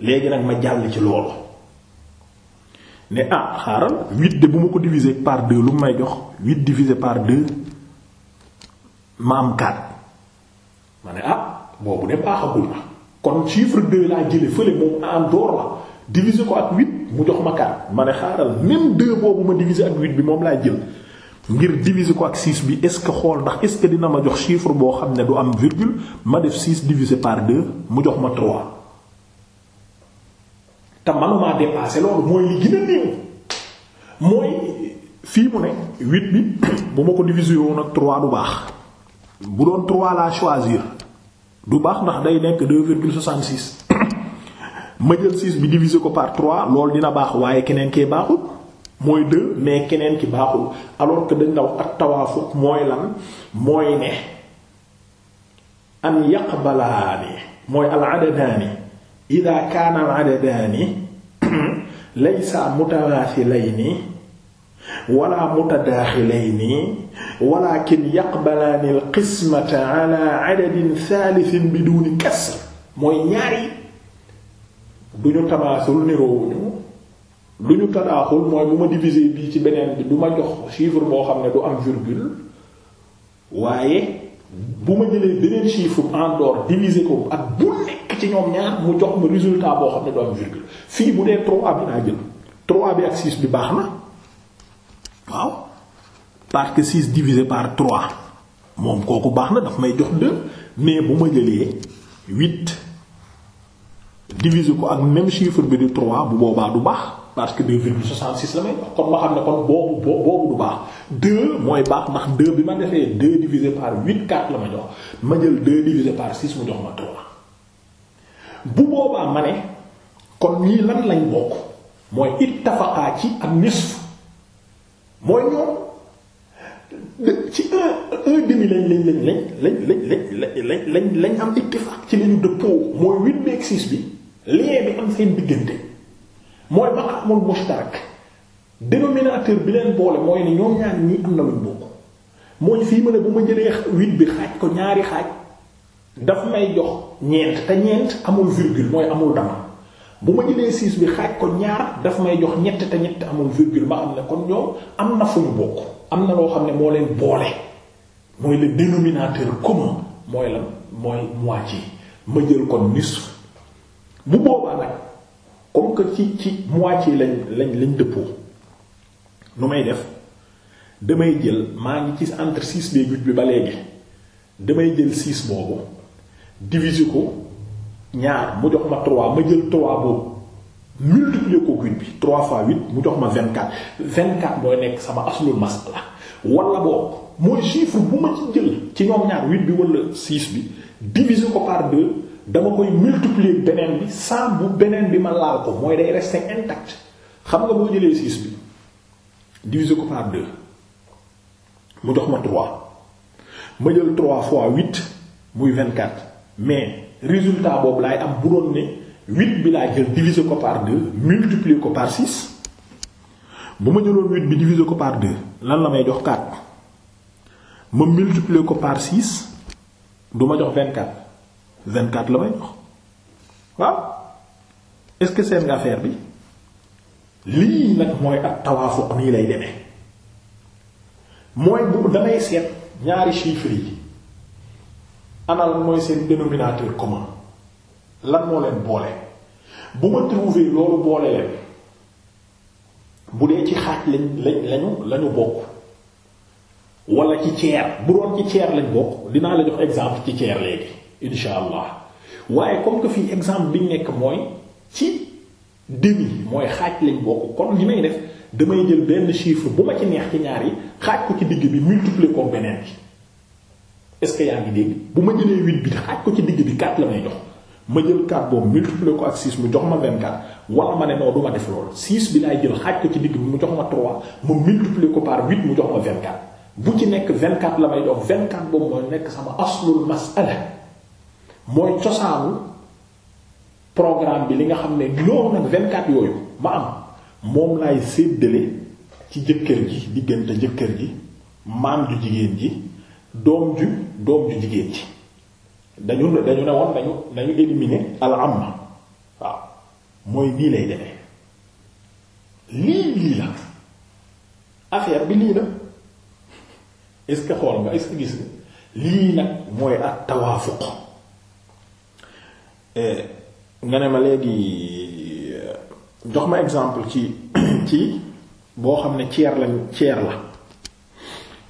léegi nag ma jàll ci loolu ne ah xaaral huit de bu ma ko diviser par deux lu may jox huit divisé par deux ma am quatre ma ne ah boobu de baaxagul ma kon chiffre deux laa jële fële moom en la diviser ko ak huit mu jox ma quatre ma ne xaaral même deux boobu ma diviser ak huit bi moom laa jël ngir diviser ko ak 6 bi est-ce que xool ndax est-ce que dina ma jox chiffre boo xam ne du am virgule ma def 6 divisé par 2 mu jox ma 3 te manumaa dépassé loolu mooy li gën a néew mooy fii mu ne huit bi (coughs) bu ma ko diviser woon ak trois du baax bu doon trois laa choisir du baax ndax day nekk deux virgule soixante (coughs) ma jël six bi diviser ko par trois loolu dina baax waaye keneen kee baaxul mooy deux mais keneen ki baaxul alors que dañ la wax ak tawaafuq mooy lan mooy ne an yaqbalaani mooy al adadaani ida kaana al adadaani laysa mutawaasilayni wala mutadaaxilayni walaakin yaqbalaani alqismata ala adadin saalisin biduuni kasr mooy ñaari duñu tamaasul niroowuñu duñu tadaaxul mooy bu ma diviser bii ci beneen bi du ma jox chiffre boo xam ne du am virgule waaye bu ma jëlee beneen chiffre en dehors ko ak bu ne ci ñoom ñaar mu jox ma résultat boo xam ne du am fii bu dee 3 bi naa jël 3 bi ak 6 bi baax na waaw parce que 6 divisé par 3 moom kooku baax na daf may jox 2 mais bu ma jëlee 8 divisé ko ak même chiffre bi di 3 bu boobaa du baax parce que 2,66 la may kon ma xam ne kon boobu boobu du baax 2 mooy baax ndax 2 bi ma defee 2 divisé par 8 4 la ma jox ma jël 2 divisé par 6 mu jox ma 3. bu boobaa ma ne kon ñii lan lañ bokk mooy ittafaqaa ci ak nisf mooy ñoom ci un un demi lañ lañ lañ lañ lañ am ittifaq ci lañu dëppoo mooy huit beeg six bi lien bi am seen diggante mooy maqaamul mushtarak dénominateur bi leen boole mooy ne ñoom ñaar ñii am na luñ bokk mooy fii ma ne bu ma jëlee huit bi xaaj ko ñaari xaaj. daf may jox ñeent te ñeent amul virgule mooy amul dama bu ma jëlee six bi xaaj ko ñaar daf may jox ñett te ñett amul virgule ma am ne kon ñoom am na fu ñu bokk am na loo xam ne moo leen boole mooy le dénominateur commun mooy lan mooy moitié ma jël kon nisf bu boobaa nag comme que ci ci moitié lañ lañ lañ dëppoo nu may def damay jël maa ngi ci entre six bi huit bi ba léegi damay jël six boobu diviser ko ñaar mu jox ma 3 ma jël trois boobu multiplier ko huit bi 3 fois 8 mu jox ma 24 24 mooy nekk sama aslul masala wala boobu mooy chiffre bu ma ci jël ci ñoom ñaar 8 bi wala 6 bi diviser ko par 2 dama koy multiplier beneen bi sans beneen bi ma laal ko mooy day rester intact xam nga boo jëlee 6 bi diviser ko par 2 mu jox ma 3 ma jël 3 fois 8 muy 24. mais résultat boobu laay am bu doon ne huit bi laa jël diviser ko par deux multiplier ko par six bu ma jëloon huit bi diviser ko par deux lan la may jox quatre ma multiplier ko par six du ma jox vingt quatre vingt quatre la may jox waaw est-ce que seen nga affaire bi lii nag mooy ak tawaafuq nii lay demee mooy bu damay seet ñaari chiffres yi. anal mooy seen dénominateur commun lan moo leen boole bu ma trouver loolu boole leen bu dee ci xaaj lañ lañu lañu bokk walla ci ceer bu doon ci ceer lañ bokk dinaa la jox exemple ci ceer léegi insha allah waaye comme que fii exemple biñ nekk mooy ci demi mooy xaaj lañ bokk kon li may def damay jël benn chiffre bu ma ci neex ci ñaar yi xaaj ko ci digg bi multiplier ko beneen bi est-ce que yaa ngi dégg bu ma jëlee huit bi xaaj ko ci digg bi quatre la may jox ma jël quatre boobu multiplier ko ak six mu jox ma vingt-quatre wala ma ne non du def loolu six bi laay jël xaaj ko ci digg bi mu jox ma trois mu multiplier ko par huit mu jox ma vingt-quatre bu ci nekk vingt-quatre la may jox vingt-quatre boobu mooy nekk sama aslul mas'ala mooy cosaanu programme bi li nga xam ne loolu nag vingt-quatre yooyu ma am moom laay séddale ci jëkkër ji diggante jëkkër ji maam doom ju doom ju jigéen ci dañu dañu ne woon dañu dañu éliminer al waaw mooy nii lay demee lii lii la affaire bi lii la est-ce que xool nga est gis nga lii nag mooy at tawaafuq eh, nga ne ma léegi eh, jox ma exemple ci (coughs) ci boo xam ne ceer la ceer la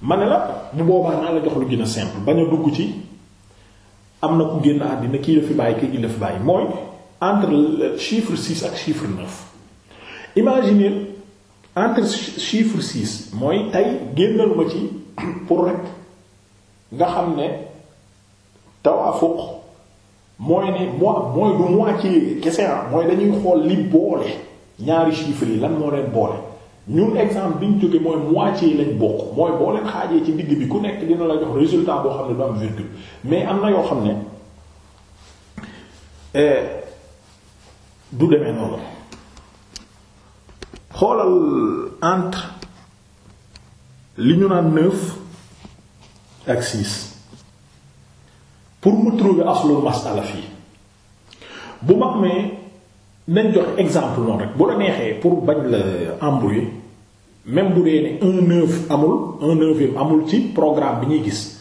ma ne la bu boobaa naa la jox lu gën a simple bañ dugg ci am na ku génn àddina kii la fi bàyyi kii la fi bàyyi mooy entre chiffre 6 ak chiffre 9 imaginez entre chiffre 6 mooy tey génnal ci (clears throat) pour rek nga xam ne tawaafuq mooy ne mois mooy du moitié kese ah, mooy dañuy xool li boole ñaari chiffres yi lan moo leen boole. ñun exemple bi ñu jógee mooy moitié lañ bokk mooy boo leen xaajee ci digg bi ku nekk dina la jox résultat boo xam ne du am virgule mais am na yoo xam ne eh, du demee noonu xoolal entre li ñu naan neuf ak six pour mu trouver aslul masala fii bu ma amee nañ jox exemple noonu rek bu la neexee pour bañ la embrouiller même bu ne un neuf amul un neuvième amul ci programme bi ñuy gis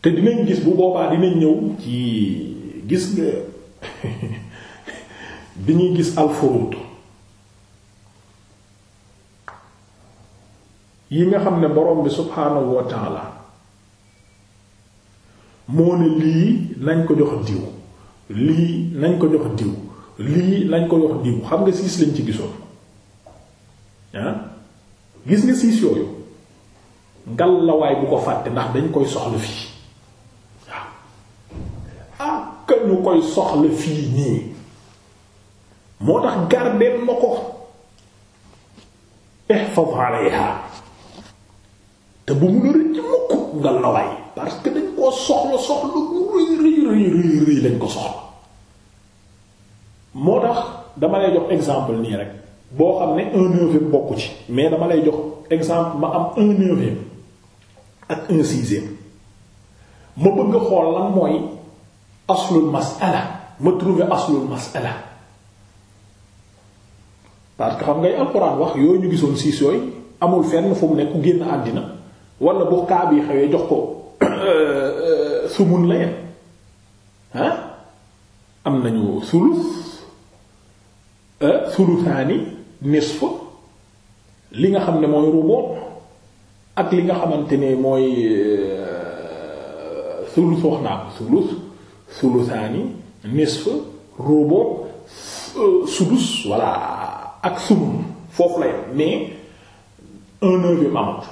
te dinañ gis bu boobaa dinañ ñëw ci gis nga (laughs) bi ñuy gis alfurut yi nga xam ne borom bi subhaanahu wa taala moo ne lii nañ ko jox diw lii nañ ko jox diw lii nañ ko jox diw xam nga siis lañ ci gisoo gis nga siis yooyu ngal bu ko fàtte ndax dañ koy soxla fii waaw ah ñu koy soxla fii nii moo tax gardeel ma ko ihfaz alayha te bu mu la rëcc mukk ngal parce que dañ koo soxla soxla bu rëy rëy rëy lañ ko soxla moo tax dama lay jox exemple nii rek boo xam ne un neuvième bokku ci mais dama lay jox exemple ma am un neuvième ak un sixième ma bëgg a xool lan mooy aslul mas'ala ma trouver aslul mas'ala parce que xam ngay alxuraan wax yooyu ñu gisoon siis amul fenn fu mu ne ku génn àddina wala bu kaa bi xewee jox ko euh, sumun la yem ah am nañu sulus euh, sulusaani nisf li nga xam ne mooy rubu ak li nga xamante ne mooy euh, sulus wax naa ko sulus sulusaani nisf rubu euh, sudus voilà ak sumun foofu la yem mais un neuvième amut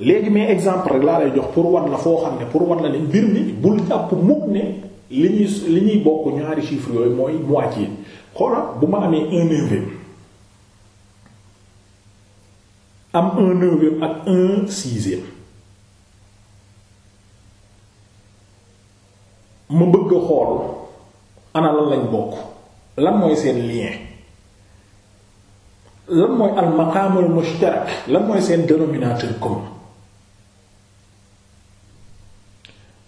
léegi mais exemple rek laa lay jox pour wan la foo xam ne pour wat la ne mbir mi bul jàpp mukk ne li ñuy li ñuy bokk ñaari chiffres yooyu mooy moitié xoolal bu ma amee un neuvième am un neuvième ak un sixième bëgg a xool ana lañ bokk lan mooy seen lien lan mooy al maqaamul lan mooy seen dénominateur commun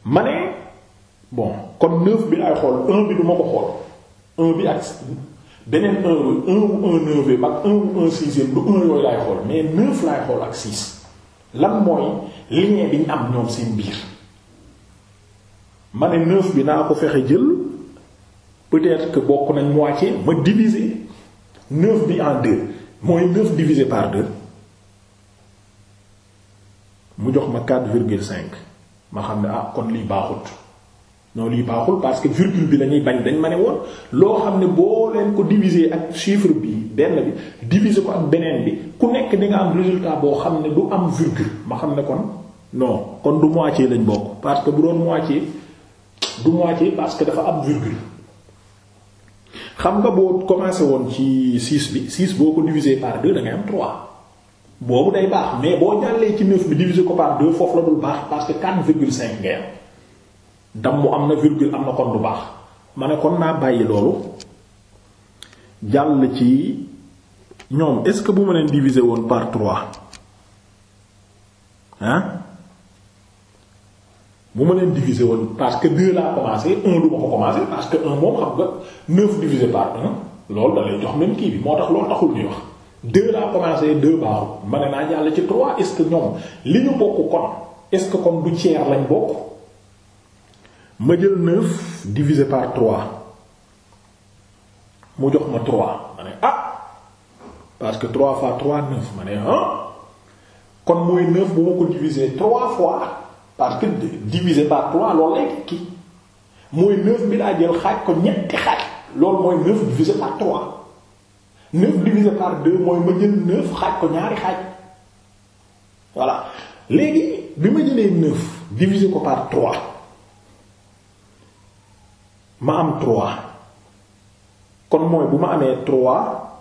ma ne bon kon neuf bi ay xool un bi du ko xool un bi ak beneen un bu un bu un neuvième ak un bu un laay xool mais neuf laay xool ak six lan mooy lien bi ñu am ñoom seen biir ma ne neuf bi naa ko fexe jël peut-être que bokk nañ moitié ma diviser neuf bi en deux mooy neuf divisé par deux mu jox ma quatre virgule cinq ma xam ne ah kon lii baaxut. non lii baaxul parce que virgule bi lañuy bañ dañ ma ne woon loo xam ne boo leen ko diviser ak chiffre bi benn bi diviser ko ak beneen bi ku nekk di nga am résultat boo xam ne du am virgule ma xam ne kon non kon du moitié lañ bokk parce que bu doon moitié du moitié parce que dafa am virgule xam nga boo commencé woon ci 6 bi 6 boo ko diviser par 2 da ngay am 3 boobu day baax mais boo jàllee ci 9 bi diviser ko par 2 foofu la dul baax parce que 4,5 ngay am dam mu am na virgule am na kon du baax ma ne kon naa bàyyi loolu jàll ci ñoom est-ce que bu ma leen diviser woon par trois hein bu ma leen diviser woon parce que deux laa commencé un du ma ko commencé parce que un moom xam nga neuf divisé par un loolu da jox même kii bi moo tax loolu taxul ñuy wax deux laa commencé deux baaxul ma ne naa jàll ci trois est-ce que ñoom li ñu bokk kon est-ce que kon du tiers lañ bokk. ma jël neuf divisé par trois mu jox ma trois ma ne ah parce que trois fois trois neuf ma ne ah kon mooy neuf bu ma ko divisé trois fois parce que divisé par trois loolu lay tekki mooy neuf bi laa jël xaaj ko ñetti xaaj loolu mooy neuf divisé par trois neuf divisé par deux mooy ma jël neuf xaaj ko ñaari xaaj voilà léegi bi ma jëlee neuf divisé ko par trois. ma am trois kon mooy bu ma amee trois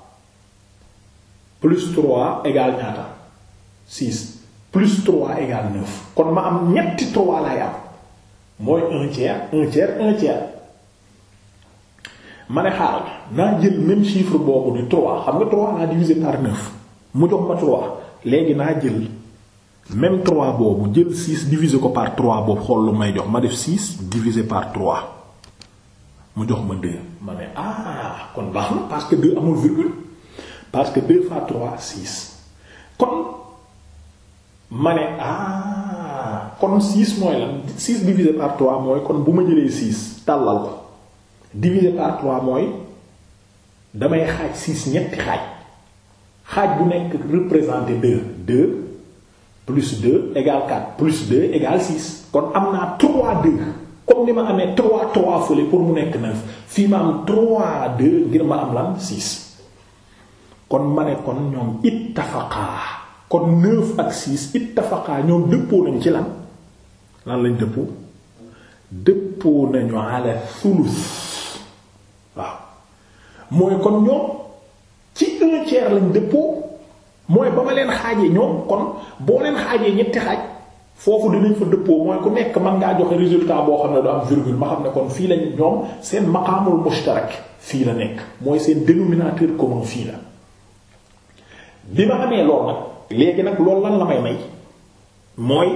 plus trois égale ñaata kon ma am ñetti trois laay am mooy un tiers un tiers un tiers ma ne xaaral naa jël même chiffre boobu di trois xam nga trois naa divisé par neuf mu jox ma trois léegi naa jël même trois boobu jël six divisé ko par trois boobu xool lu may jox ma def six divisé par trois. mu jox ma deux ma ne ah kon baax na parce que deux amul virgule parce que deux fois trois six kon ma ne ah kon six mooy lan six divisé par trois mooy kon bu ma jëlee six tàllal ko divisé par trois mooy damay xaaj six ñetti xaaj xaaj bu nekk représenté deux deux plus deux égale quatre plus deux égale six kon am naa trois deux comme ni ma amee 3 3 fële pour mu nekk 9 fii ma am 3 2 ngir ma am lan 6 kon ma ne kon ñoom ittafaqaa kon 9 ak 6 ittafaqaa ñoom dëppoo nañ ci lan lan lañ dëppoo dëppoo nañu ala thuluth waaw mooy kon ñoom ci un lañ dëppoo mooy ba ma leen xaajee ñoom kon boo leen xaajee ñetti xaaj. foofu dinañ fa dëppoo mooy ku nekk man ngaa joxe résultat boo xam ne du am virgule ma xam ne kon fii lañ ñoom seen maqaamul mushtarak fii la nekk mooy seen dénominateur commun fii la bi ma amee lool nag léegi nag loolu lan la may may mooy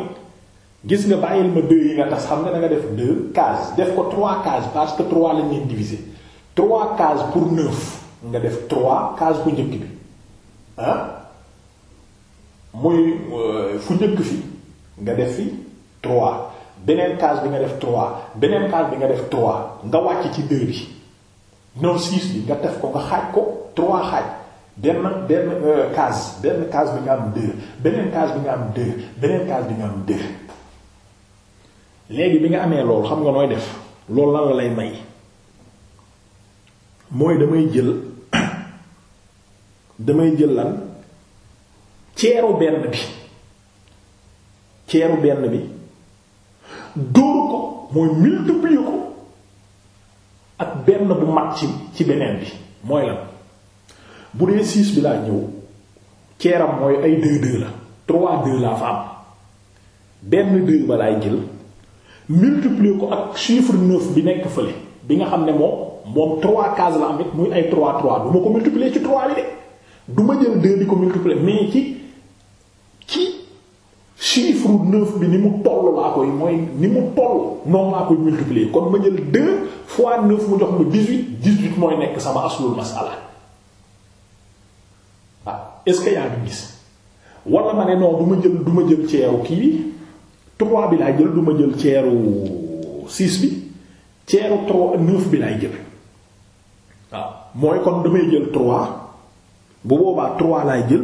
gis nga bàyyil ma deux yi nga tas xam nga da def deux cases def ko trois cases parce que trois lañ leen diviser trois cases pour neuf nga def trois cases bu njëkk bi ah euh, fu njëkk fi nga def fi trois beneen case bi nga def trois beneen case bi nga def trois nga wàcc ci deux bi non six bi nga def ko nga xaaj ko trois xaaj benn benn kaas euh, bi nga am deux beneen case bi nga am deux beneen case bi nga am deux léegi bi nga amee lool xam nga nooy def loolu lan la lay may mooy damay jël (coughs) damay jël lan ceeru benn bi ceeru benn bi dóor ko mooy multiplier ko ak benn bu mat ci ci beneen bi mooy lan bu dee six bi laa ñëw ceeram mooy ay deux deux la trois deux laa fa am benn deux ba laay jël multiplier ko ak chiffre neuf bi nekk fële bi nga xam ne moom moom trois cases la am it muy ay trois trois du ma ko multiplier ci trois bi de du jël deux ko multiplier mais ci chiffre neuf bi ni mu toll laa koy mooy ni mu toll noonu laa koy multiplier kon ma jël deux fois neuf mu jox ma dix-huit mooy nekk sama aslul masala waaw ah, est yaa ngi gis wala ma ne non du jël du ceeru kii bi trois bi laay jël du ma jël ceeru six bi ceeru trois neuf bi laay jël waaw ah, mooy kon damay jël trois bu boobaa trois laay jël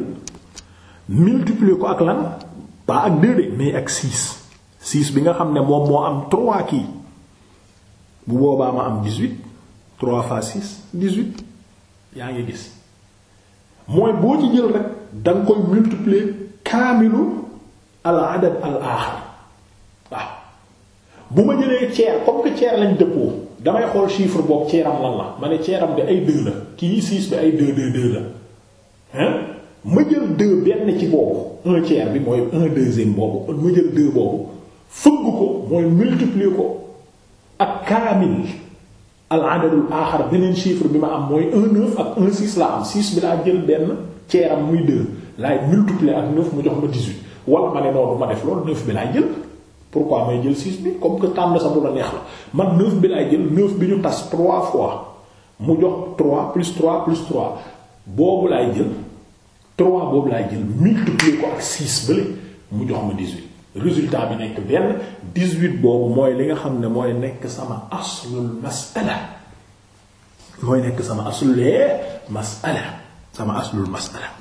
multiplier ko ak lan. pas ak deux de ak six six bi nga xam ne moom moo am trois kii bu boobaa ma am dix-huit trois fois six dix-huit yaa ngi gis mooy boo ci jël rek da nga koy multiplier kaamilu al adad al aaxar waaw bu ma jëlee tiers comme que tiers lañ dëppoo damay xool chiffre boobu tieram lan la ma ne tieram bi ay deux la kii six bi ay deux deux deux la hein ma jël deux benn ci boobu un tiers bi mooy un deuxième boobu ma jël deux boobu fëgg ko mooy multiplier ko ak kaamil al adadul aaxar beneen chifre bi ma am mooy un neuf ak un six laa am six bi laa jël benn tiers muy deux laay multiplier ak neuf mu jox ma dix-huit wala ma ne noonu ma def lool neuf bi laay jël pourquoi may jël six bi comme que tànn sa bu la neex la man neuf bi laay jël neuf bi ñu tas trois fois mu jox trois plus trois plus trois boobu laay jël. trois boobu laa jël multiplier ko ak six bële mu jox ma dix-huit résultat bi nekk benn dix-huit boobu mooy li nga xam ne mooy nekk sama aslul masala mooy nekk sama aslulee masala sama aslul masala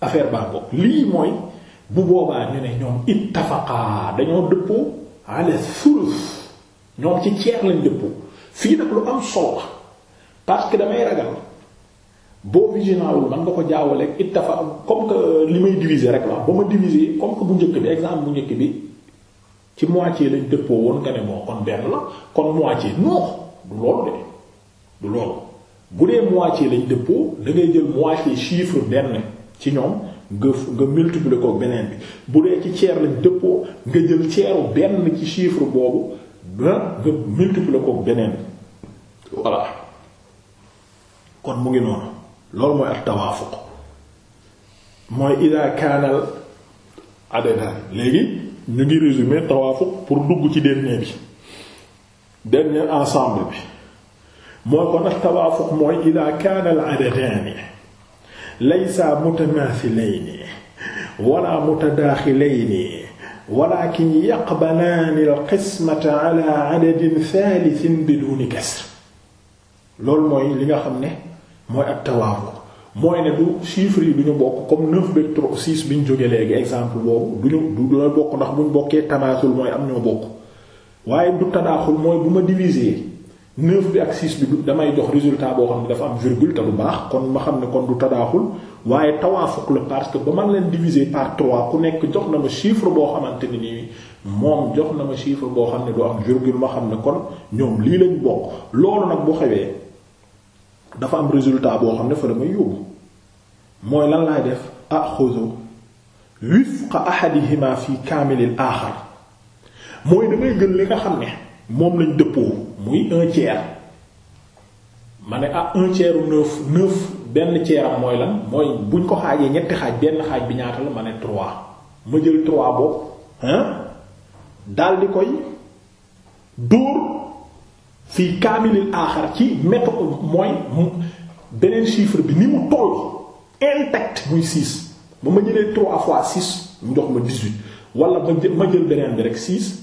affaire baa boobu lii mooy bu boobaa ñu ne ñoom ittafaqaa dañoo dëppoo ala thuluth ñoom ci ceer lañ dëppoo fii nag lu am solo parce que damay ragal boo visionnaawul man nga ko jaawale it dafa comme que euh, li may diviser rek la ba ma diviser comme que bu njëkk bi exemple bu njëkk bi ci moitié lañ dëppoo woon nga ne moo kon benn la kon moitié non du loolu de du lañ dëppoo da ngay jël moitié chiffre benn ci ñoom nga nga multiplier ko beneen bi bu dee ci tiers lañ dëppoo nga jël tiersu benn ci chiffre boobu ba nga multiplier ko beneen bi voilà kon mu ngi noonu. loolu mooy ak tawaafuq mooy ida kaanal adadaan léegi ñu ngi résumer tawaafuq pour dugg ci dernier bi dernier ensemble bi mooy kon ak tawaafuq mooy ida kaanal adadaani laysa mutamaasilayni wala mutadaaxilayni walaakin yaqbalaani alqismata ala adadin thaalithin biduuni kasr loolu mooy li nga xam ne mooy ak tawaafur mooy ne du chiffres yi du bokk comme neuf beeg trois six bi ñu jógee léegi exemple boobu du ñu du ñu bokk ndax bu ñu bokkee tanaasul mooy am ñoo bokk waaye du tadaaxul mooy bu ma diviser neuf bi ak six bi du damay jox résultat boo xam ne dafa am virgule te du baax kon ma xam ne kon du tadaaxul waaye tawaafuq la parce que ba man leen diviser par trois ku nekk jox na ma chiffre boo xamante ne nii moom jox na ma chiffre boo xam ne du am virgule xam ne kon ñoom lii lañ bokk loolu nag bu xewee. dafa am résultat boo xam ne fa la yóbbu mooy lan laay def axudu wifqa ahadihima fi kaamilil aaxar mooy damay gën li nga xam ne moom lañ dëppoo muy un tiers ma ne ah un tiers u benn tiers am mooy lan mooy buñ ko xaajee ñetti xaaj benn xaaj bi ñaata la ma ne trois ma jël trois boobu hein dal koy dóor fii kaamilil aaxar ci méthode mooy beneen chiffre bi ni mu toll intact muy 6 ba ma jëlee 3 fois 6 mu jox ma 18 wala ma jël ma jël beneen bi rek 6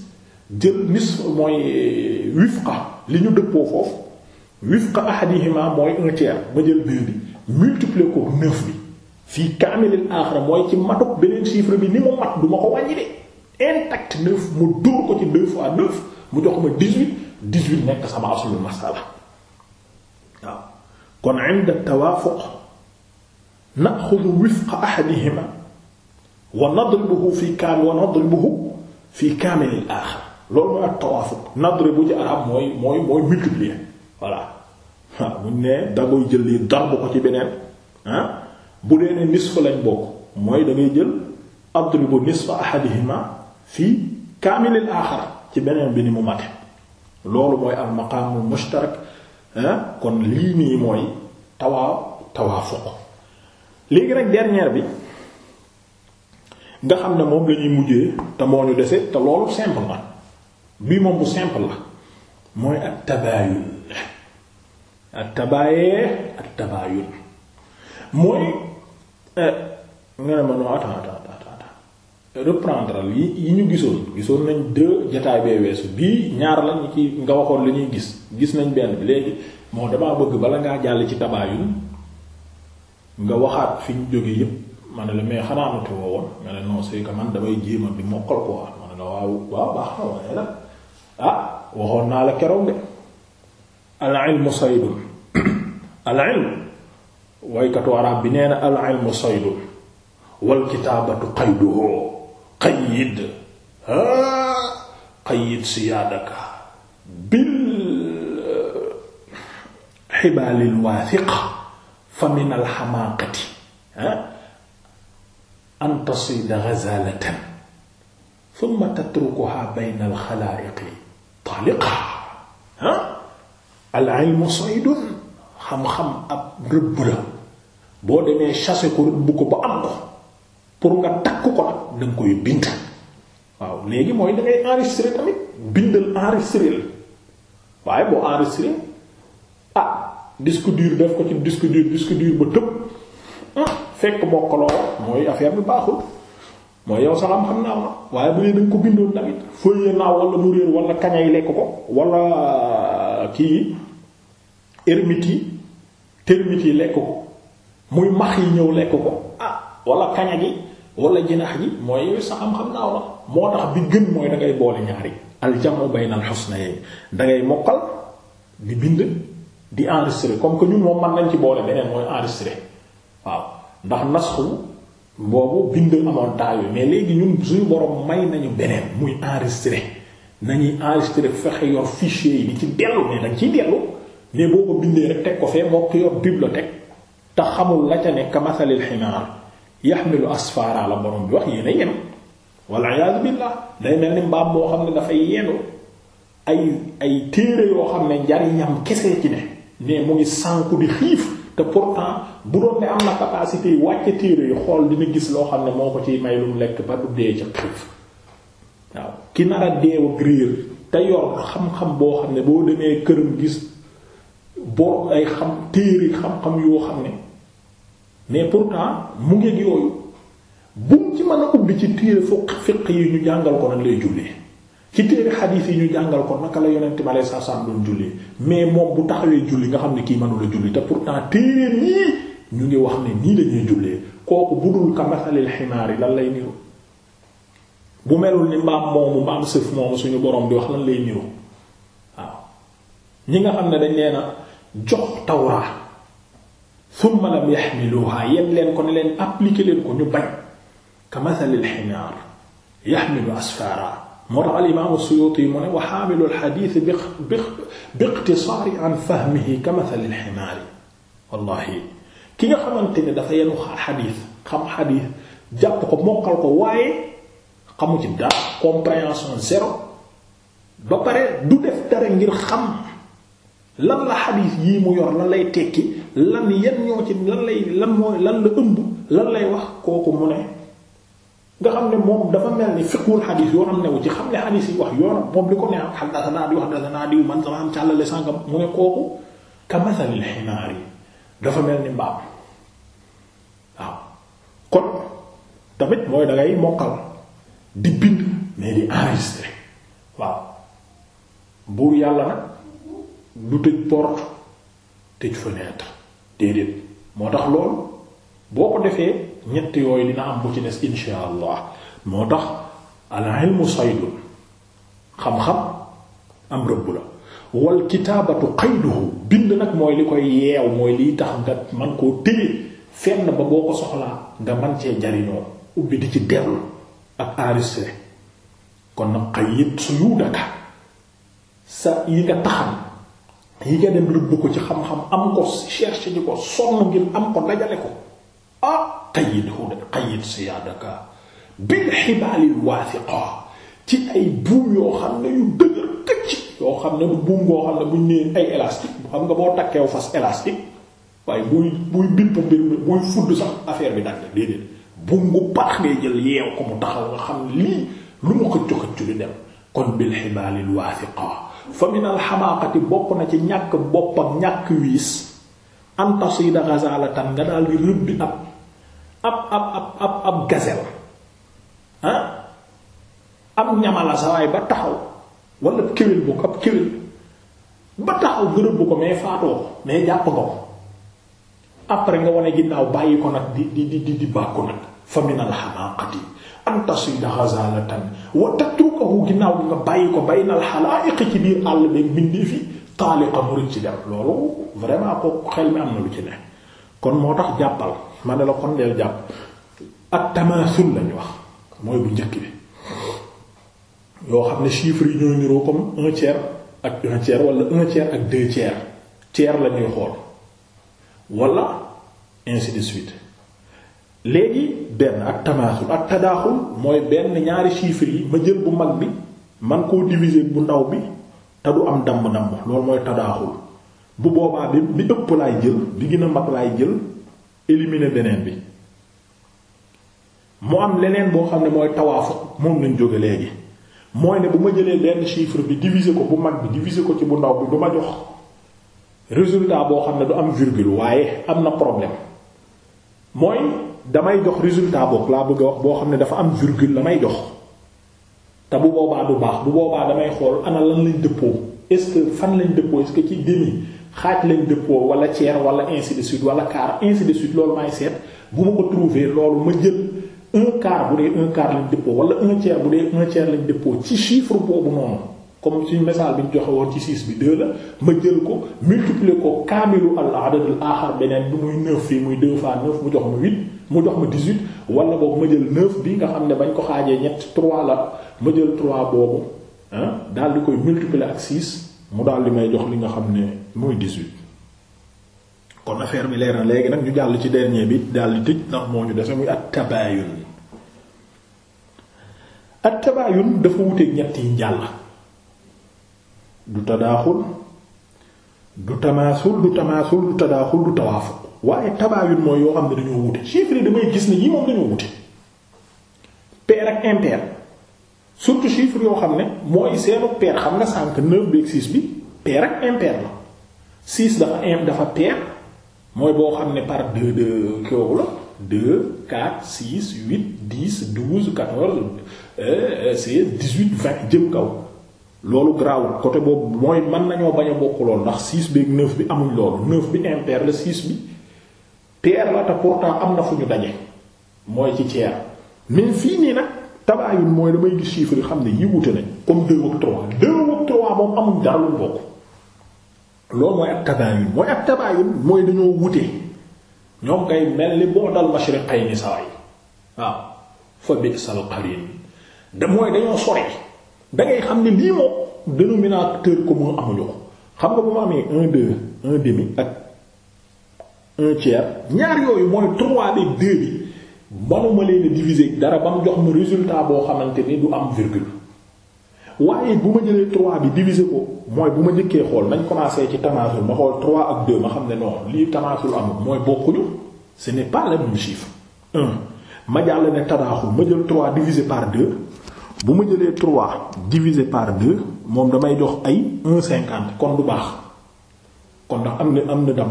jël nis mooy euh, wifqa li ñu dëppoo foofu wifqa ahadihima mooy un tiers ma jël deux bi multiplier ko neuf bi fii kaamilil aaxar mooy ci matuk beneen chiffre bi ni mu mat du ma ko wàññi de intact mu dóor ko ci deux fois neuf mu jox ma 18. dix-huit nekk sama aslul masala waaw kon inda tawaafuq naxudu wifqa ahadihima wa nadribuhu fi kaamil fi kaamil aaxar loolu mooy ak tawaafuq nadribu ci arab mooy mooy mooy multiplier voilà waaw mu ne da ngay jël lii darbu ko ci beneen ah, bu dee nisf lañ bokk mooy da ngay jël adribu nisfa ahadihima fi kaamil aaxar ci beneen bi ni mu mate loolu mooy al maqaamul mushtarak kon lii nii mooy tawaa tawaafuq léegi nag dernière bi nga xam ne moom la ñuy mujjee te moo ñu dese te loolu simple na bii moom bu simple la mooy at tabaayun at tabaayee at tabaayun mooy eh, nga ne ma non attends attends reprendre yi yi ñu gisoon gisoon nañ deux jotaay bee weesu bii ñaar la ci nga waxoon la ñuy gis gis nañ benn bi léegi moo damaa bëgg bala ngaa jàll ci tabaayun nga waxaat fi ñu jógee yépp ma ne la mais xanaa amatu woon nga ne non c'est man damay jéem a mokkal ko ah ma la waaw waaw baax na waaye la ah waxoon naa la keroog de al bi nee al ilmu saydun wal kitaabatu qayduhu qayyid haa qayyid siyaadaka bil xibaalil waathiqa fa min al xamaaqati haa an tasida ghazalatan thumma tatrukuha bayna al xalaa'iqi taaliqa haa al ilmu saydun xam-xam ab rëbb la boo demee chasser ko rëbb ko ba am ko pour nga takk ko nag da koy bind waaw léegi mooy da ngay enregistrer tamit bindal enregistrer la waaye boo enregistrer ah disque dur def ko ci disque dur disque dur ba tëb ah fekk bokkaloo mooy affaire bi baaxul mooy yow sax xam naa ma waaye bu dee da nga ko bindoon tamit feuille naaw wala mu réer wala kañay lekk ko wala kii ermite yi termite yi lekk ko muy max yi ñëw lekk ko ah wala kaña gi. wala jinaax ji mooy sa xam-xam naaw la moo tax bi gën mooy da ngay boole ñaari aljamu baynal husnayn da ngay mokkal di bind di enregistrer comme que ñun moom man nañ ci boole beneen mooy enregistrer waaw ndax nasxu boobu bind amoon taayu mais léegi ñun suñu borom may nañu beneen muy enregistrer nañuy enregistrer fexe yor fichier yi di ci dellu mais dañ ciy dellu mais boo ko bindee rek teg ko fee moo ko yor bibliothèque te xamul la ca ne kamasalil yaxmilu asfaara la borom bi wax yéen a yenu walla iyaazu billaah day mel ni mbaam boo xam ne dafay yenu ay ay téere yoo xam ne njariñam kese ci ne mais mu ngi sànku di xiif te pourtant bu doon ne am na capacité yi wàcce téere yi xool dina gis loo xam ne moo ko ciy may lum lekk ba du dee ca xiif waaw ki nar a deew ak réer te yor xam-xam boo xam ne boo demee këram gis boo ay xam téere xam-xam yoo xam ne mais pourtant mu ngeeg yooyu bu mu ci mën a ubbi ci téere fukk fiq yi ñu jàngal ko nag lay jullee ci téere xadiis yi ñu jàngal ko naka la yonent bi aleyhi salaam doon jullee mais moom bu taxawee julli nga xam ne kii mënula julli te pourtant téere nii ñu ngi wax ne nii dañuy jullee kooku bu ka masalil ximaar yi lan lay niru bu melul ni mbaam moomu mbaam sëf moomu suñu borom bi wax lan lay niru waaw ñi nga xam ne dañ leena jox tawraa thumma lam yaxmiluha yem leen ko ne leen appliquer leen ko ñu bañ ka mathalil ximaar yaxmilu asfaara moo tax al imaam as-Suyuuti mu ne wa xaamilul xadiis bi bi bi iqtisaari an fahmihi ka mathalil ximaari wallaahi ki nga xamante ne dafa yenu xadiis xam xadiis jàpp ko mokkal ko waaye xamu ci dara compréhension zéro ba pare du def dara ngir xam lan la xadiis yii mu yor lan lay tekki lan yan ñoo ci lan lay lan mooy lan la ëmb lan lay wax kooku mu ne nga xam ne moom dafa mel ni fiqhul xadiis yoo xam ne wu ci xam ne xadiis yi wax yoonam moom li ko neex xaddasanaa ah diw xaddasanaa diw man sama am càllale sànkam mu ne kooku ka masalil ximaar yi dafa mel ni mbaam waaw kon tamit mooy dangay mokkal di bind mais di enregistrer waaw buur yàlla nag du tëj porte tëj fenêtre déedéet moo tax loolu boo ko defee ñett yooyu dina am bu ci des insha moo tax al ilmu saydun xam-xam am rëbb la wal kitaabatu qayduhu bind nag mooy li koy yeew mooy liy tax nga man koo téye fenn ba boo ko soxlaa nga man cee jariñoo ubbi di ci dellu ak enregistré kon nag qayyid suyudaka sa yi nga taxam yi nga dem rëbb ko ci xam-xam am ko cherche ji ko sonn ngir am ko dajale ko ah qayid hu qayid siyaadaka bil xibaalil waathiqa ci ay buum yoo xam ne yu dëgër këcc yoo xam ne du buum boo xam ne buñ neen ay élastique bu xam nga boo takkeew fas élastique waaye buy buy bipp mbir mi fudd sax affaire bi dagg déedéet buum bu baax ngay jël yeew ko mu taxaw nga xam lii lu ma ko joxe lu dem kon bil xibaalil waathiqa fa min alxamaaqati bokk na ci ñàkk boppam ñàkk wiis an tasida ghazalatan nga daal di rëbbi ab ab ab ab ab gazelle ah am ñamala sa waay ba taxaw wala kéwél bu ko ab kéwél ba taxaw nga rëbb ko mais faatoo ko jàpp nga ko après nga wane ginnaaw bàyyi ko nag di di di di bàkku nag fa min alxamaaqati an tasida ghazalatan wa tatrukahu ginnaaw bi nga bàyyi ko baynal xalaa'iq ci biir àll beeg bindeef yi taaliqa mu ci dem loolu vraiment kooku xel mi am na lu ci ne kon moo tax jàppal ma la kon deel jàpp ak tamaasul lañ wax mooy bu njëkk bi yoo xam ne chiffres yi ñoo niroo comme un tiers ak un tiers wala un tiers ak deux tiers tiers la xool wala ainsi de suite léegi benn ak tamaasul ak tadaaxul mooy benn ñaari chiffres yi ma jël bu mag bi man koo diviser bu ndaw bi te du am damb-damb loolu mooy tadaaxul bu boobaa bi bi ëpp laay jël bi gën mag laay jël éliminer beneen bi mu am leneen boo xam ne mooy tawaafuq moom lañ jóge léegi mooy ne bu ma jëlee benn chiffre bi diviser ko bu mag bi diviser ko ci bu ndaw bi du ma jox résultat boo xam ne du am virgule waaye am na problème mooy damay jox résultat boog laa bëgg a wax boo xam ne dafa am virgule la may jox te bu boobaa du baax bu boobaa damay xool ana lan lañ dëppoo est-ce que fan lañ dëppoo est ci demi xaaj leen dëppoo wala tiers wala ainsi de suite wala quart ainsi de suite loolu may seet bu ma ko trouver loolu ma jël un quart bu dee un quart lañ dëppoo wala un tiers bu dee un tiers lañ dëppoo ci chiffre boobu noonu comme ci message bi ñu joxe woon ci 6 bi 2 la ma jël ko multiplier ko kaamilu al adad beneen bi muy 9 fii muy 2 fois 9 mu jox mu jox ma 18 wala boobu ma jël bi nga xam ne bañ ko xaajee ñett 3 la ma jël 3 boobu ah koy multiplier ak 6 mu daal di may jox li nga xam ne muy 18. kon affaire bi leer na léegi nag ñu jàll ci dernier bi daal di tëj ndax moo ñu dese muy at tabaayun at tabaayun dafa wuteeg ñett yi njàll du tadaaxul du tamaasul du tamaasul du tadaaxul waaye tabaayun mooy yoo xam ne dañoo wute chiffres yi damay gis ni yii moom dañoo wute pair ak impair yoo xam ne mooy seenu pair xam nga sànq neuf bi ak six bi pair la six dafa im dafa mooy boo xam ne par deux deux kiow la deux quatre six huit dix douze quatorze euh, dix-huit vingt jëm kaw loolu grawul côté boobu mooy mën nañoo bañ a bokk ndax six bi ak bi amuñ loolu neuf bi impair la six bi teer la te pourtant am na fu ñu daje mooy ci tiers mais fii nii nag tabaayun mooy damay gis chiffre yi xam ne yi wute nañ comme deux ak trois deux ak trois moom amul dara lu bokk loolu mooy ak tabaayun mooy dañoo wute ñoom kay mel ni boo dal mashriqayni saway waaw fa bi'sal qarin da mooy dañoo sori dangay xam ne lii moom dénominateur commun amuñu ko xam nga bu ma amee un deux un ak un tiers ñaar yooyu mooy trois bi deux bi manuma leen a diviser dara ba mu jox ma résultat boo xamante ni du am virgule waaye bu ma jëlee trois bi diviser ko mooy bu ma njëkkee xool nañ commencé ci tamaasul ma xool trois ak deux ma xam ne non lii tamaasul amul mooy bokkuñu ce n'est pas le même chiffre un ma jàll ne tadaaxul ma jël trois divisé par deux bu ma jëlee trois divisé par deux moom damay jox ay un cinquante kon du baax kon ndax am na am na damm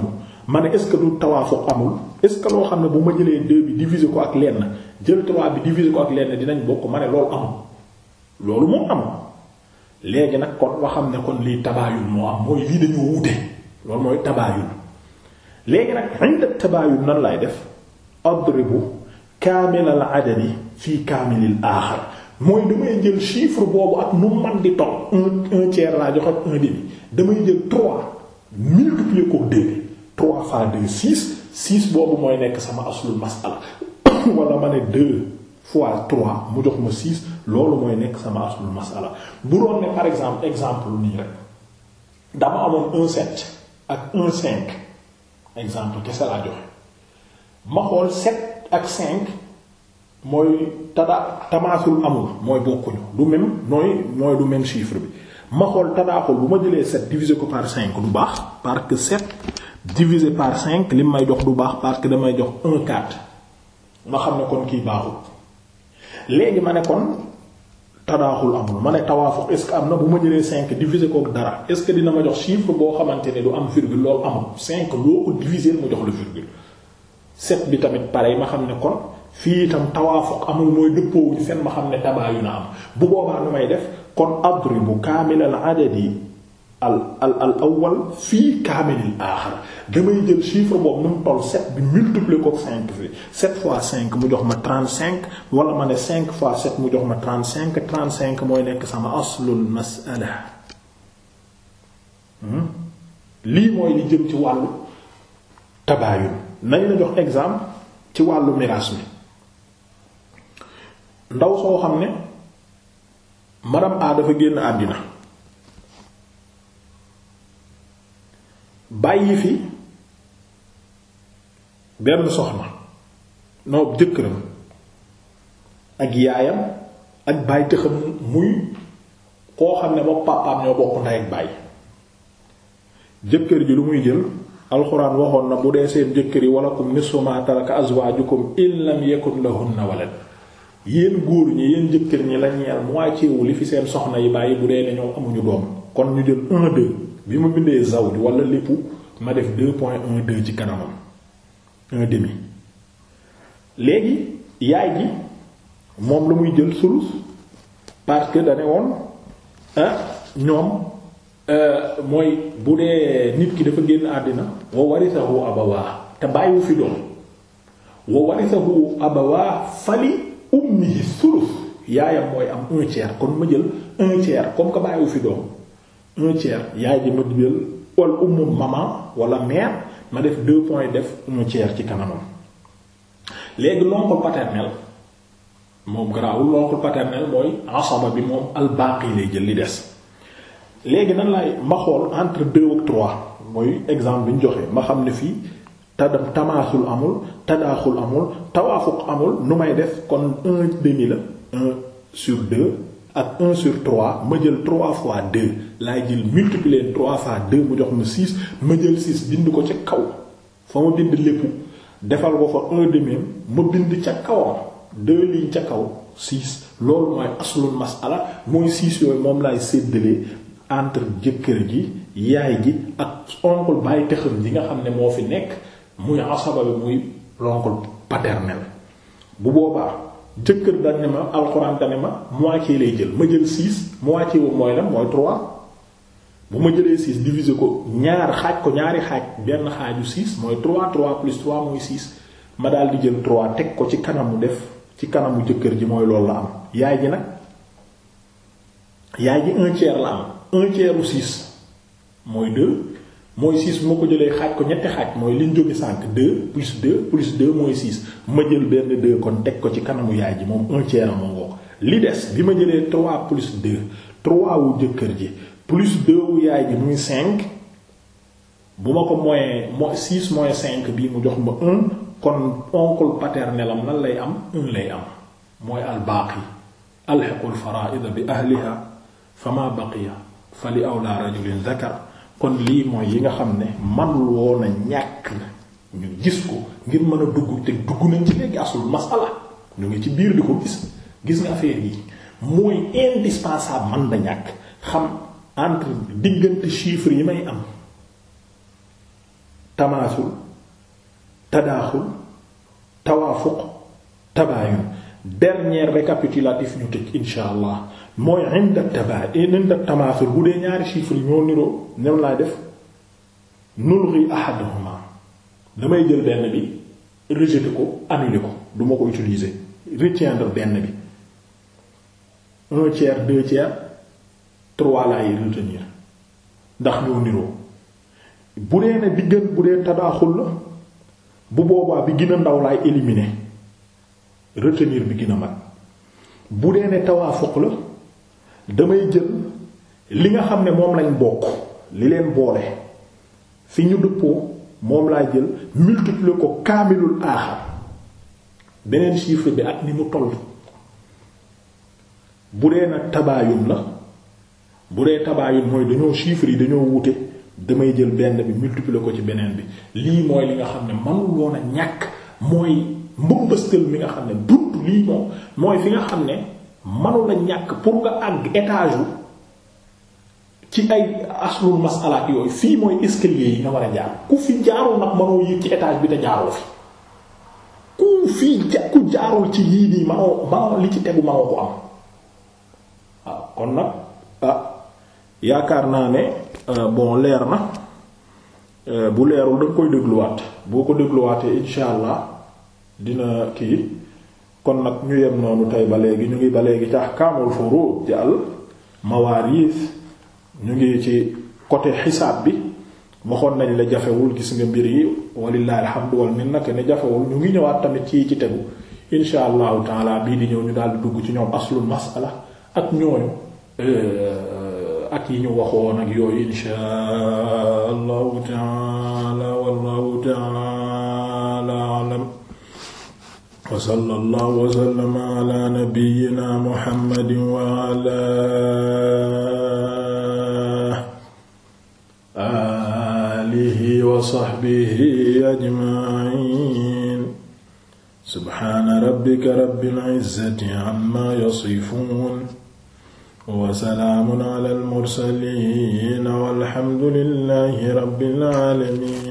ma ne est-ce que du tawaafuq amul est-ce que loo xam ne bu ma jëlee deux bi diviser ko ak lenn jël trois bi diviser ko ak lenn dinañ bokk ma ne loolu amul loolu moom amul léegi nag kon nga xam ne kon lii tabaayul moo am mooy lii dañoo wute loolu mooy tabaayul léegi nag inda tabaayul nan lay def adribu kaamil al adadi fii kaamilil aaxar mooy damay jël chiffre boobu ak nu man di toll un un tiers laa joxe un demi damay jël trois multiplier ko deux trois fois deux six six boobu mooy nekk sama aslul masala (coughs) wala ma ne deux fois trois mu jox ma six loolu mooy nekk sama aslul masala bu doon ne par exemple exemple nii rek dama amoon un sept ak un cinq exemple kese laa joxe ma xool sept ak cinq mooy tada tamaasul amul mooy bokkuñu lu même nooy mooy du même chiffre bi ma xool tadaaxul bu ma jëlee sept divisé ko par cinq du baax parce que sept divisé par cinq li may jox du baax parce que damay jox un quart ma xam ne kon kii baaxul léegi ma ne kon tadaaxul amul ma ne tawaafuq est ce que am na bu ma jëlee cinq divisé kook dara est ce que dina ma jox chiffre boo xamante ne du am virgule loolu amul cinq loo ko divisé ma jox la virgule sept bi tamit yi ma xam ne kon fii itam tawaafuq amul mooy dëppoowuñu seen ma xam ne tabaayu na am bu boobaa may def kon adribu kaamilal adadi al al al awwal fii kaamilil aaxar damay jël chiffre boobu nu mu toll 7 bi multiplier ko 5 fi 7 fois cinq mu jox ma trent 35 wala ma ne cinq fois 7 mu jox ma 35 35 mooy nekk sama aslul mas'ala hmm? lii mooy li jëm ci wàllu tabaayun nañ na jox exemple ci wàllu miraas mi ndaw soo xam ne madame A dafa génn àddina bàyyi fi benn soxna noob jëkkëram ak yaayam ak baay tëxam muy koo xam ne moom pàppaam ñoo bokk ndey ak baay jëkkër ji lu muy jël alxuraan waxoon na bu dee seen jëkkër yi walakum nisfu ma taraka azwaajukum in lam yakun góor ñi yéen jëkkër ñi la ñeel li fi seen soxna yi bàyyi bu dee ne ñoom amuñu doom kon ñu jël un bi mu bindee zawdi wala lépp ma def deux point un deux ci kanamam un demi léegi yaay ji moom la muy jël sulus parce que dane woon ah ñoom euh, mooy bu dee nit ki dafa génn àddina wa warisahu abawaa te bàyyiwu fi doom wa warisahu abawaa fali ummihi sulus yaayam mooy am un tiers kon ma jël un tiers comme que bàyyiwu fi doom un tiers yaay ji ma jël wala ummu maman wala mère ma def deux points def umu tiers ci kanamam léegi l'oncle paternel moom garaawul l'oncle paternel mooy asaba bi moom al-baaqi lay jël li des léegi nan laay ma xool entre deux ak mooy exemple bi ñu joxee ma xam ne fii tadam tamaasul amul tadaaxul amul tawaafuq amul nu may def kon un demi la un sur deux ak 1 sur 3 ma jël 3 fois 2 laay jël multiplier 3 fois 2 mu jox ma 6 ma jël 6 bind ko ca kaw fa ma bind lépp defal ko fa de demi ma bind ca kawam 2 lignes ca kaw 6 loolu mooy aslul masala mooy 6 yooyu moom laay séddalee entre jëkkër gi yaay gi ak oncle bàyyi texam yi nga xam ne moo fi nekk muy asaba bi muy l'oncle paternel bu boobaa. jëkkër dañ ma alxuraan dañ ne ma moitié lay jël ma jël 6 moitié wu mooy la mooy 3 bu ma jëlee 6 diviser ko ñaar xaaj ko ñaari xaaj benn xaaju 6 mooy 3 trois plus 3 mooy 6 ma daal di jël trois teg ko ci kanamu def ci kanamu jëkkër ji mooy loolu la am yaay ji nag yaay ji un la am un u 6 mooy 2 mooy 6 bu ma ko jëlee xaaj ko ñetti xaaj mooy liñ jóge sànq 2 plus 2 plus 2 mooy 6 ma jël benn 2 kon teg ko ci kanamu yaay ji moom un tiers moo ngoog li des bi ma jëlee 3 plus 2 3 wu jëkkër ji plus 2 wu yaay ji muy cinq bu ma ko moyen mo 6 moins 5 bii mu jox ma 1 kon oncle paternel am nan lay am 1 lay am mooy al-baaqi alhiqul faraa'id bi ahliha fama baqiya fali awla rajulin dhakar kon lii mooy yi nga xam ne man woon a ñàkk ñu gis ko ngir mën a dugg te dugg nañ ci léegi asul masala ñu ngi ci biir di ko gis gis nga affaire yi mooy indispensable man da ñàkk xam entre diggante chiffres yi may am tamaasul tadaaxul tawaafuq tabaayun dernier récapitulatif ñu tëj insha allah mooy inda taba inda tamaasul bu dee ñaari chiffres yi ñoo niroo ñoom laay def nulghi ahaduhuma damay jël benn bi rejeter ko annuler ko du ma ko utiliser retiendre benn bi un tiers deux tiers trois laay retenir ndax ñoo niroo bu dee ne bi gën bu dee tadaaxul la bu boobaa bi gën a ndaw laay éliminer retenir bi gën a mag bu dee ne tawaafuq la. damay jël li nga xam ne moom lañ bokk li leen boole fi ñu dëppoo moom laa jël multiplier ko kaamilul aaxar beneen chiffre bi ak ni mu toll bu dee nag tabaayun la bu dee tabaayun mooy dañoo chiffres yi dañoo wuute damay jël benn bi multiplier ko ci beneen bi lii mooy li nga xam ne manul woon a ñàkk mooy mbëmbëstal mi nga xam ne dund lii moom mooy fi nga xam ne manu la ñàkk pour nga àgg étage ci ay aslul masalaat yooyu fii mooy escalier yi nga war a jaar ku fi jaarul nag manoo yéeg ci étage bi te jaaroo fi ku fii jaarul ci yii nii manoo manoo li ci tegu manoo ko am kon nag ah yaakaar naa ne euh, bon leer na euh, bu leerul da koy dégluwaat boo ko dégluwaatee insha allah dina kii kon nag ñu yem noonu tey ba léegi ñu ngi ba léegi ci ahkaamul furuud ci al mawaariis ñu ngi ci côté xisaab bi waxoon nañ la jafewul gis nga mbir yi walillahi alhamdu wal minna ne jafewul ñu ngi ñëwaat tamit ci ci tegu insha allahu taala bii di ñëw ñu daal di dugg ci ñoom aslul masala ak ñooñu euh, ak yi ñu waxoon ak yooyu insha allahu taala wallahu taala wa sallallahu wa sallama ala nabiyyina muhammadin wa ala alihi wa sahbihi ajma'in subhaana rabbika rabbil izzati amma yasifuun wa salaamun ala al mursaliin walhamdulillahi rabbil aalamiin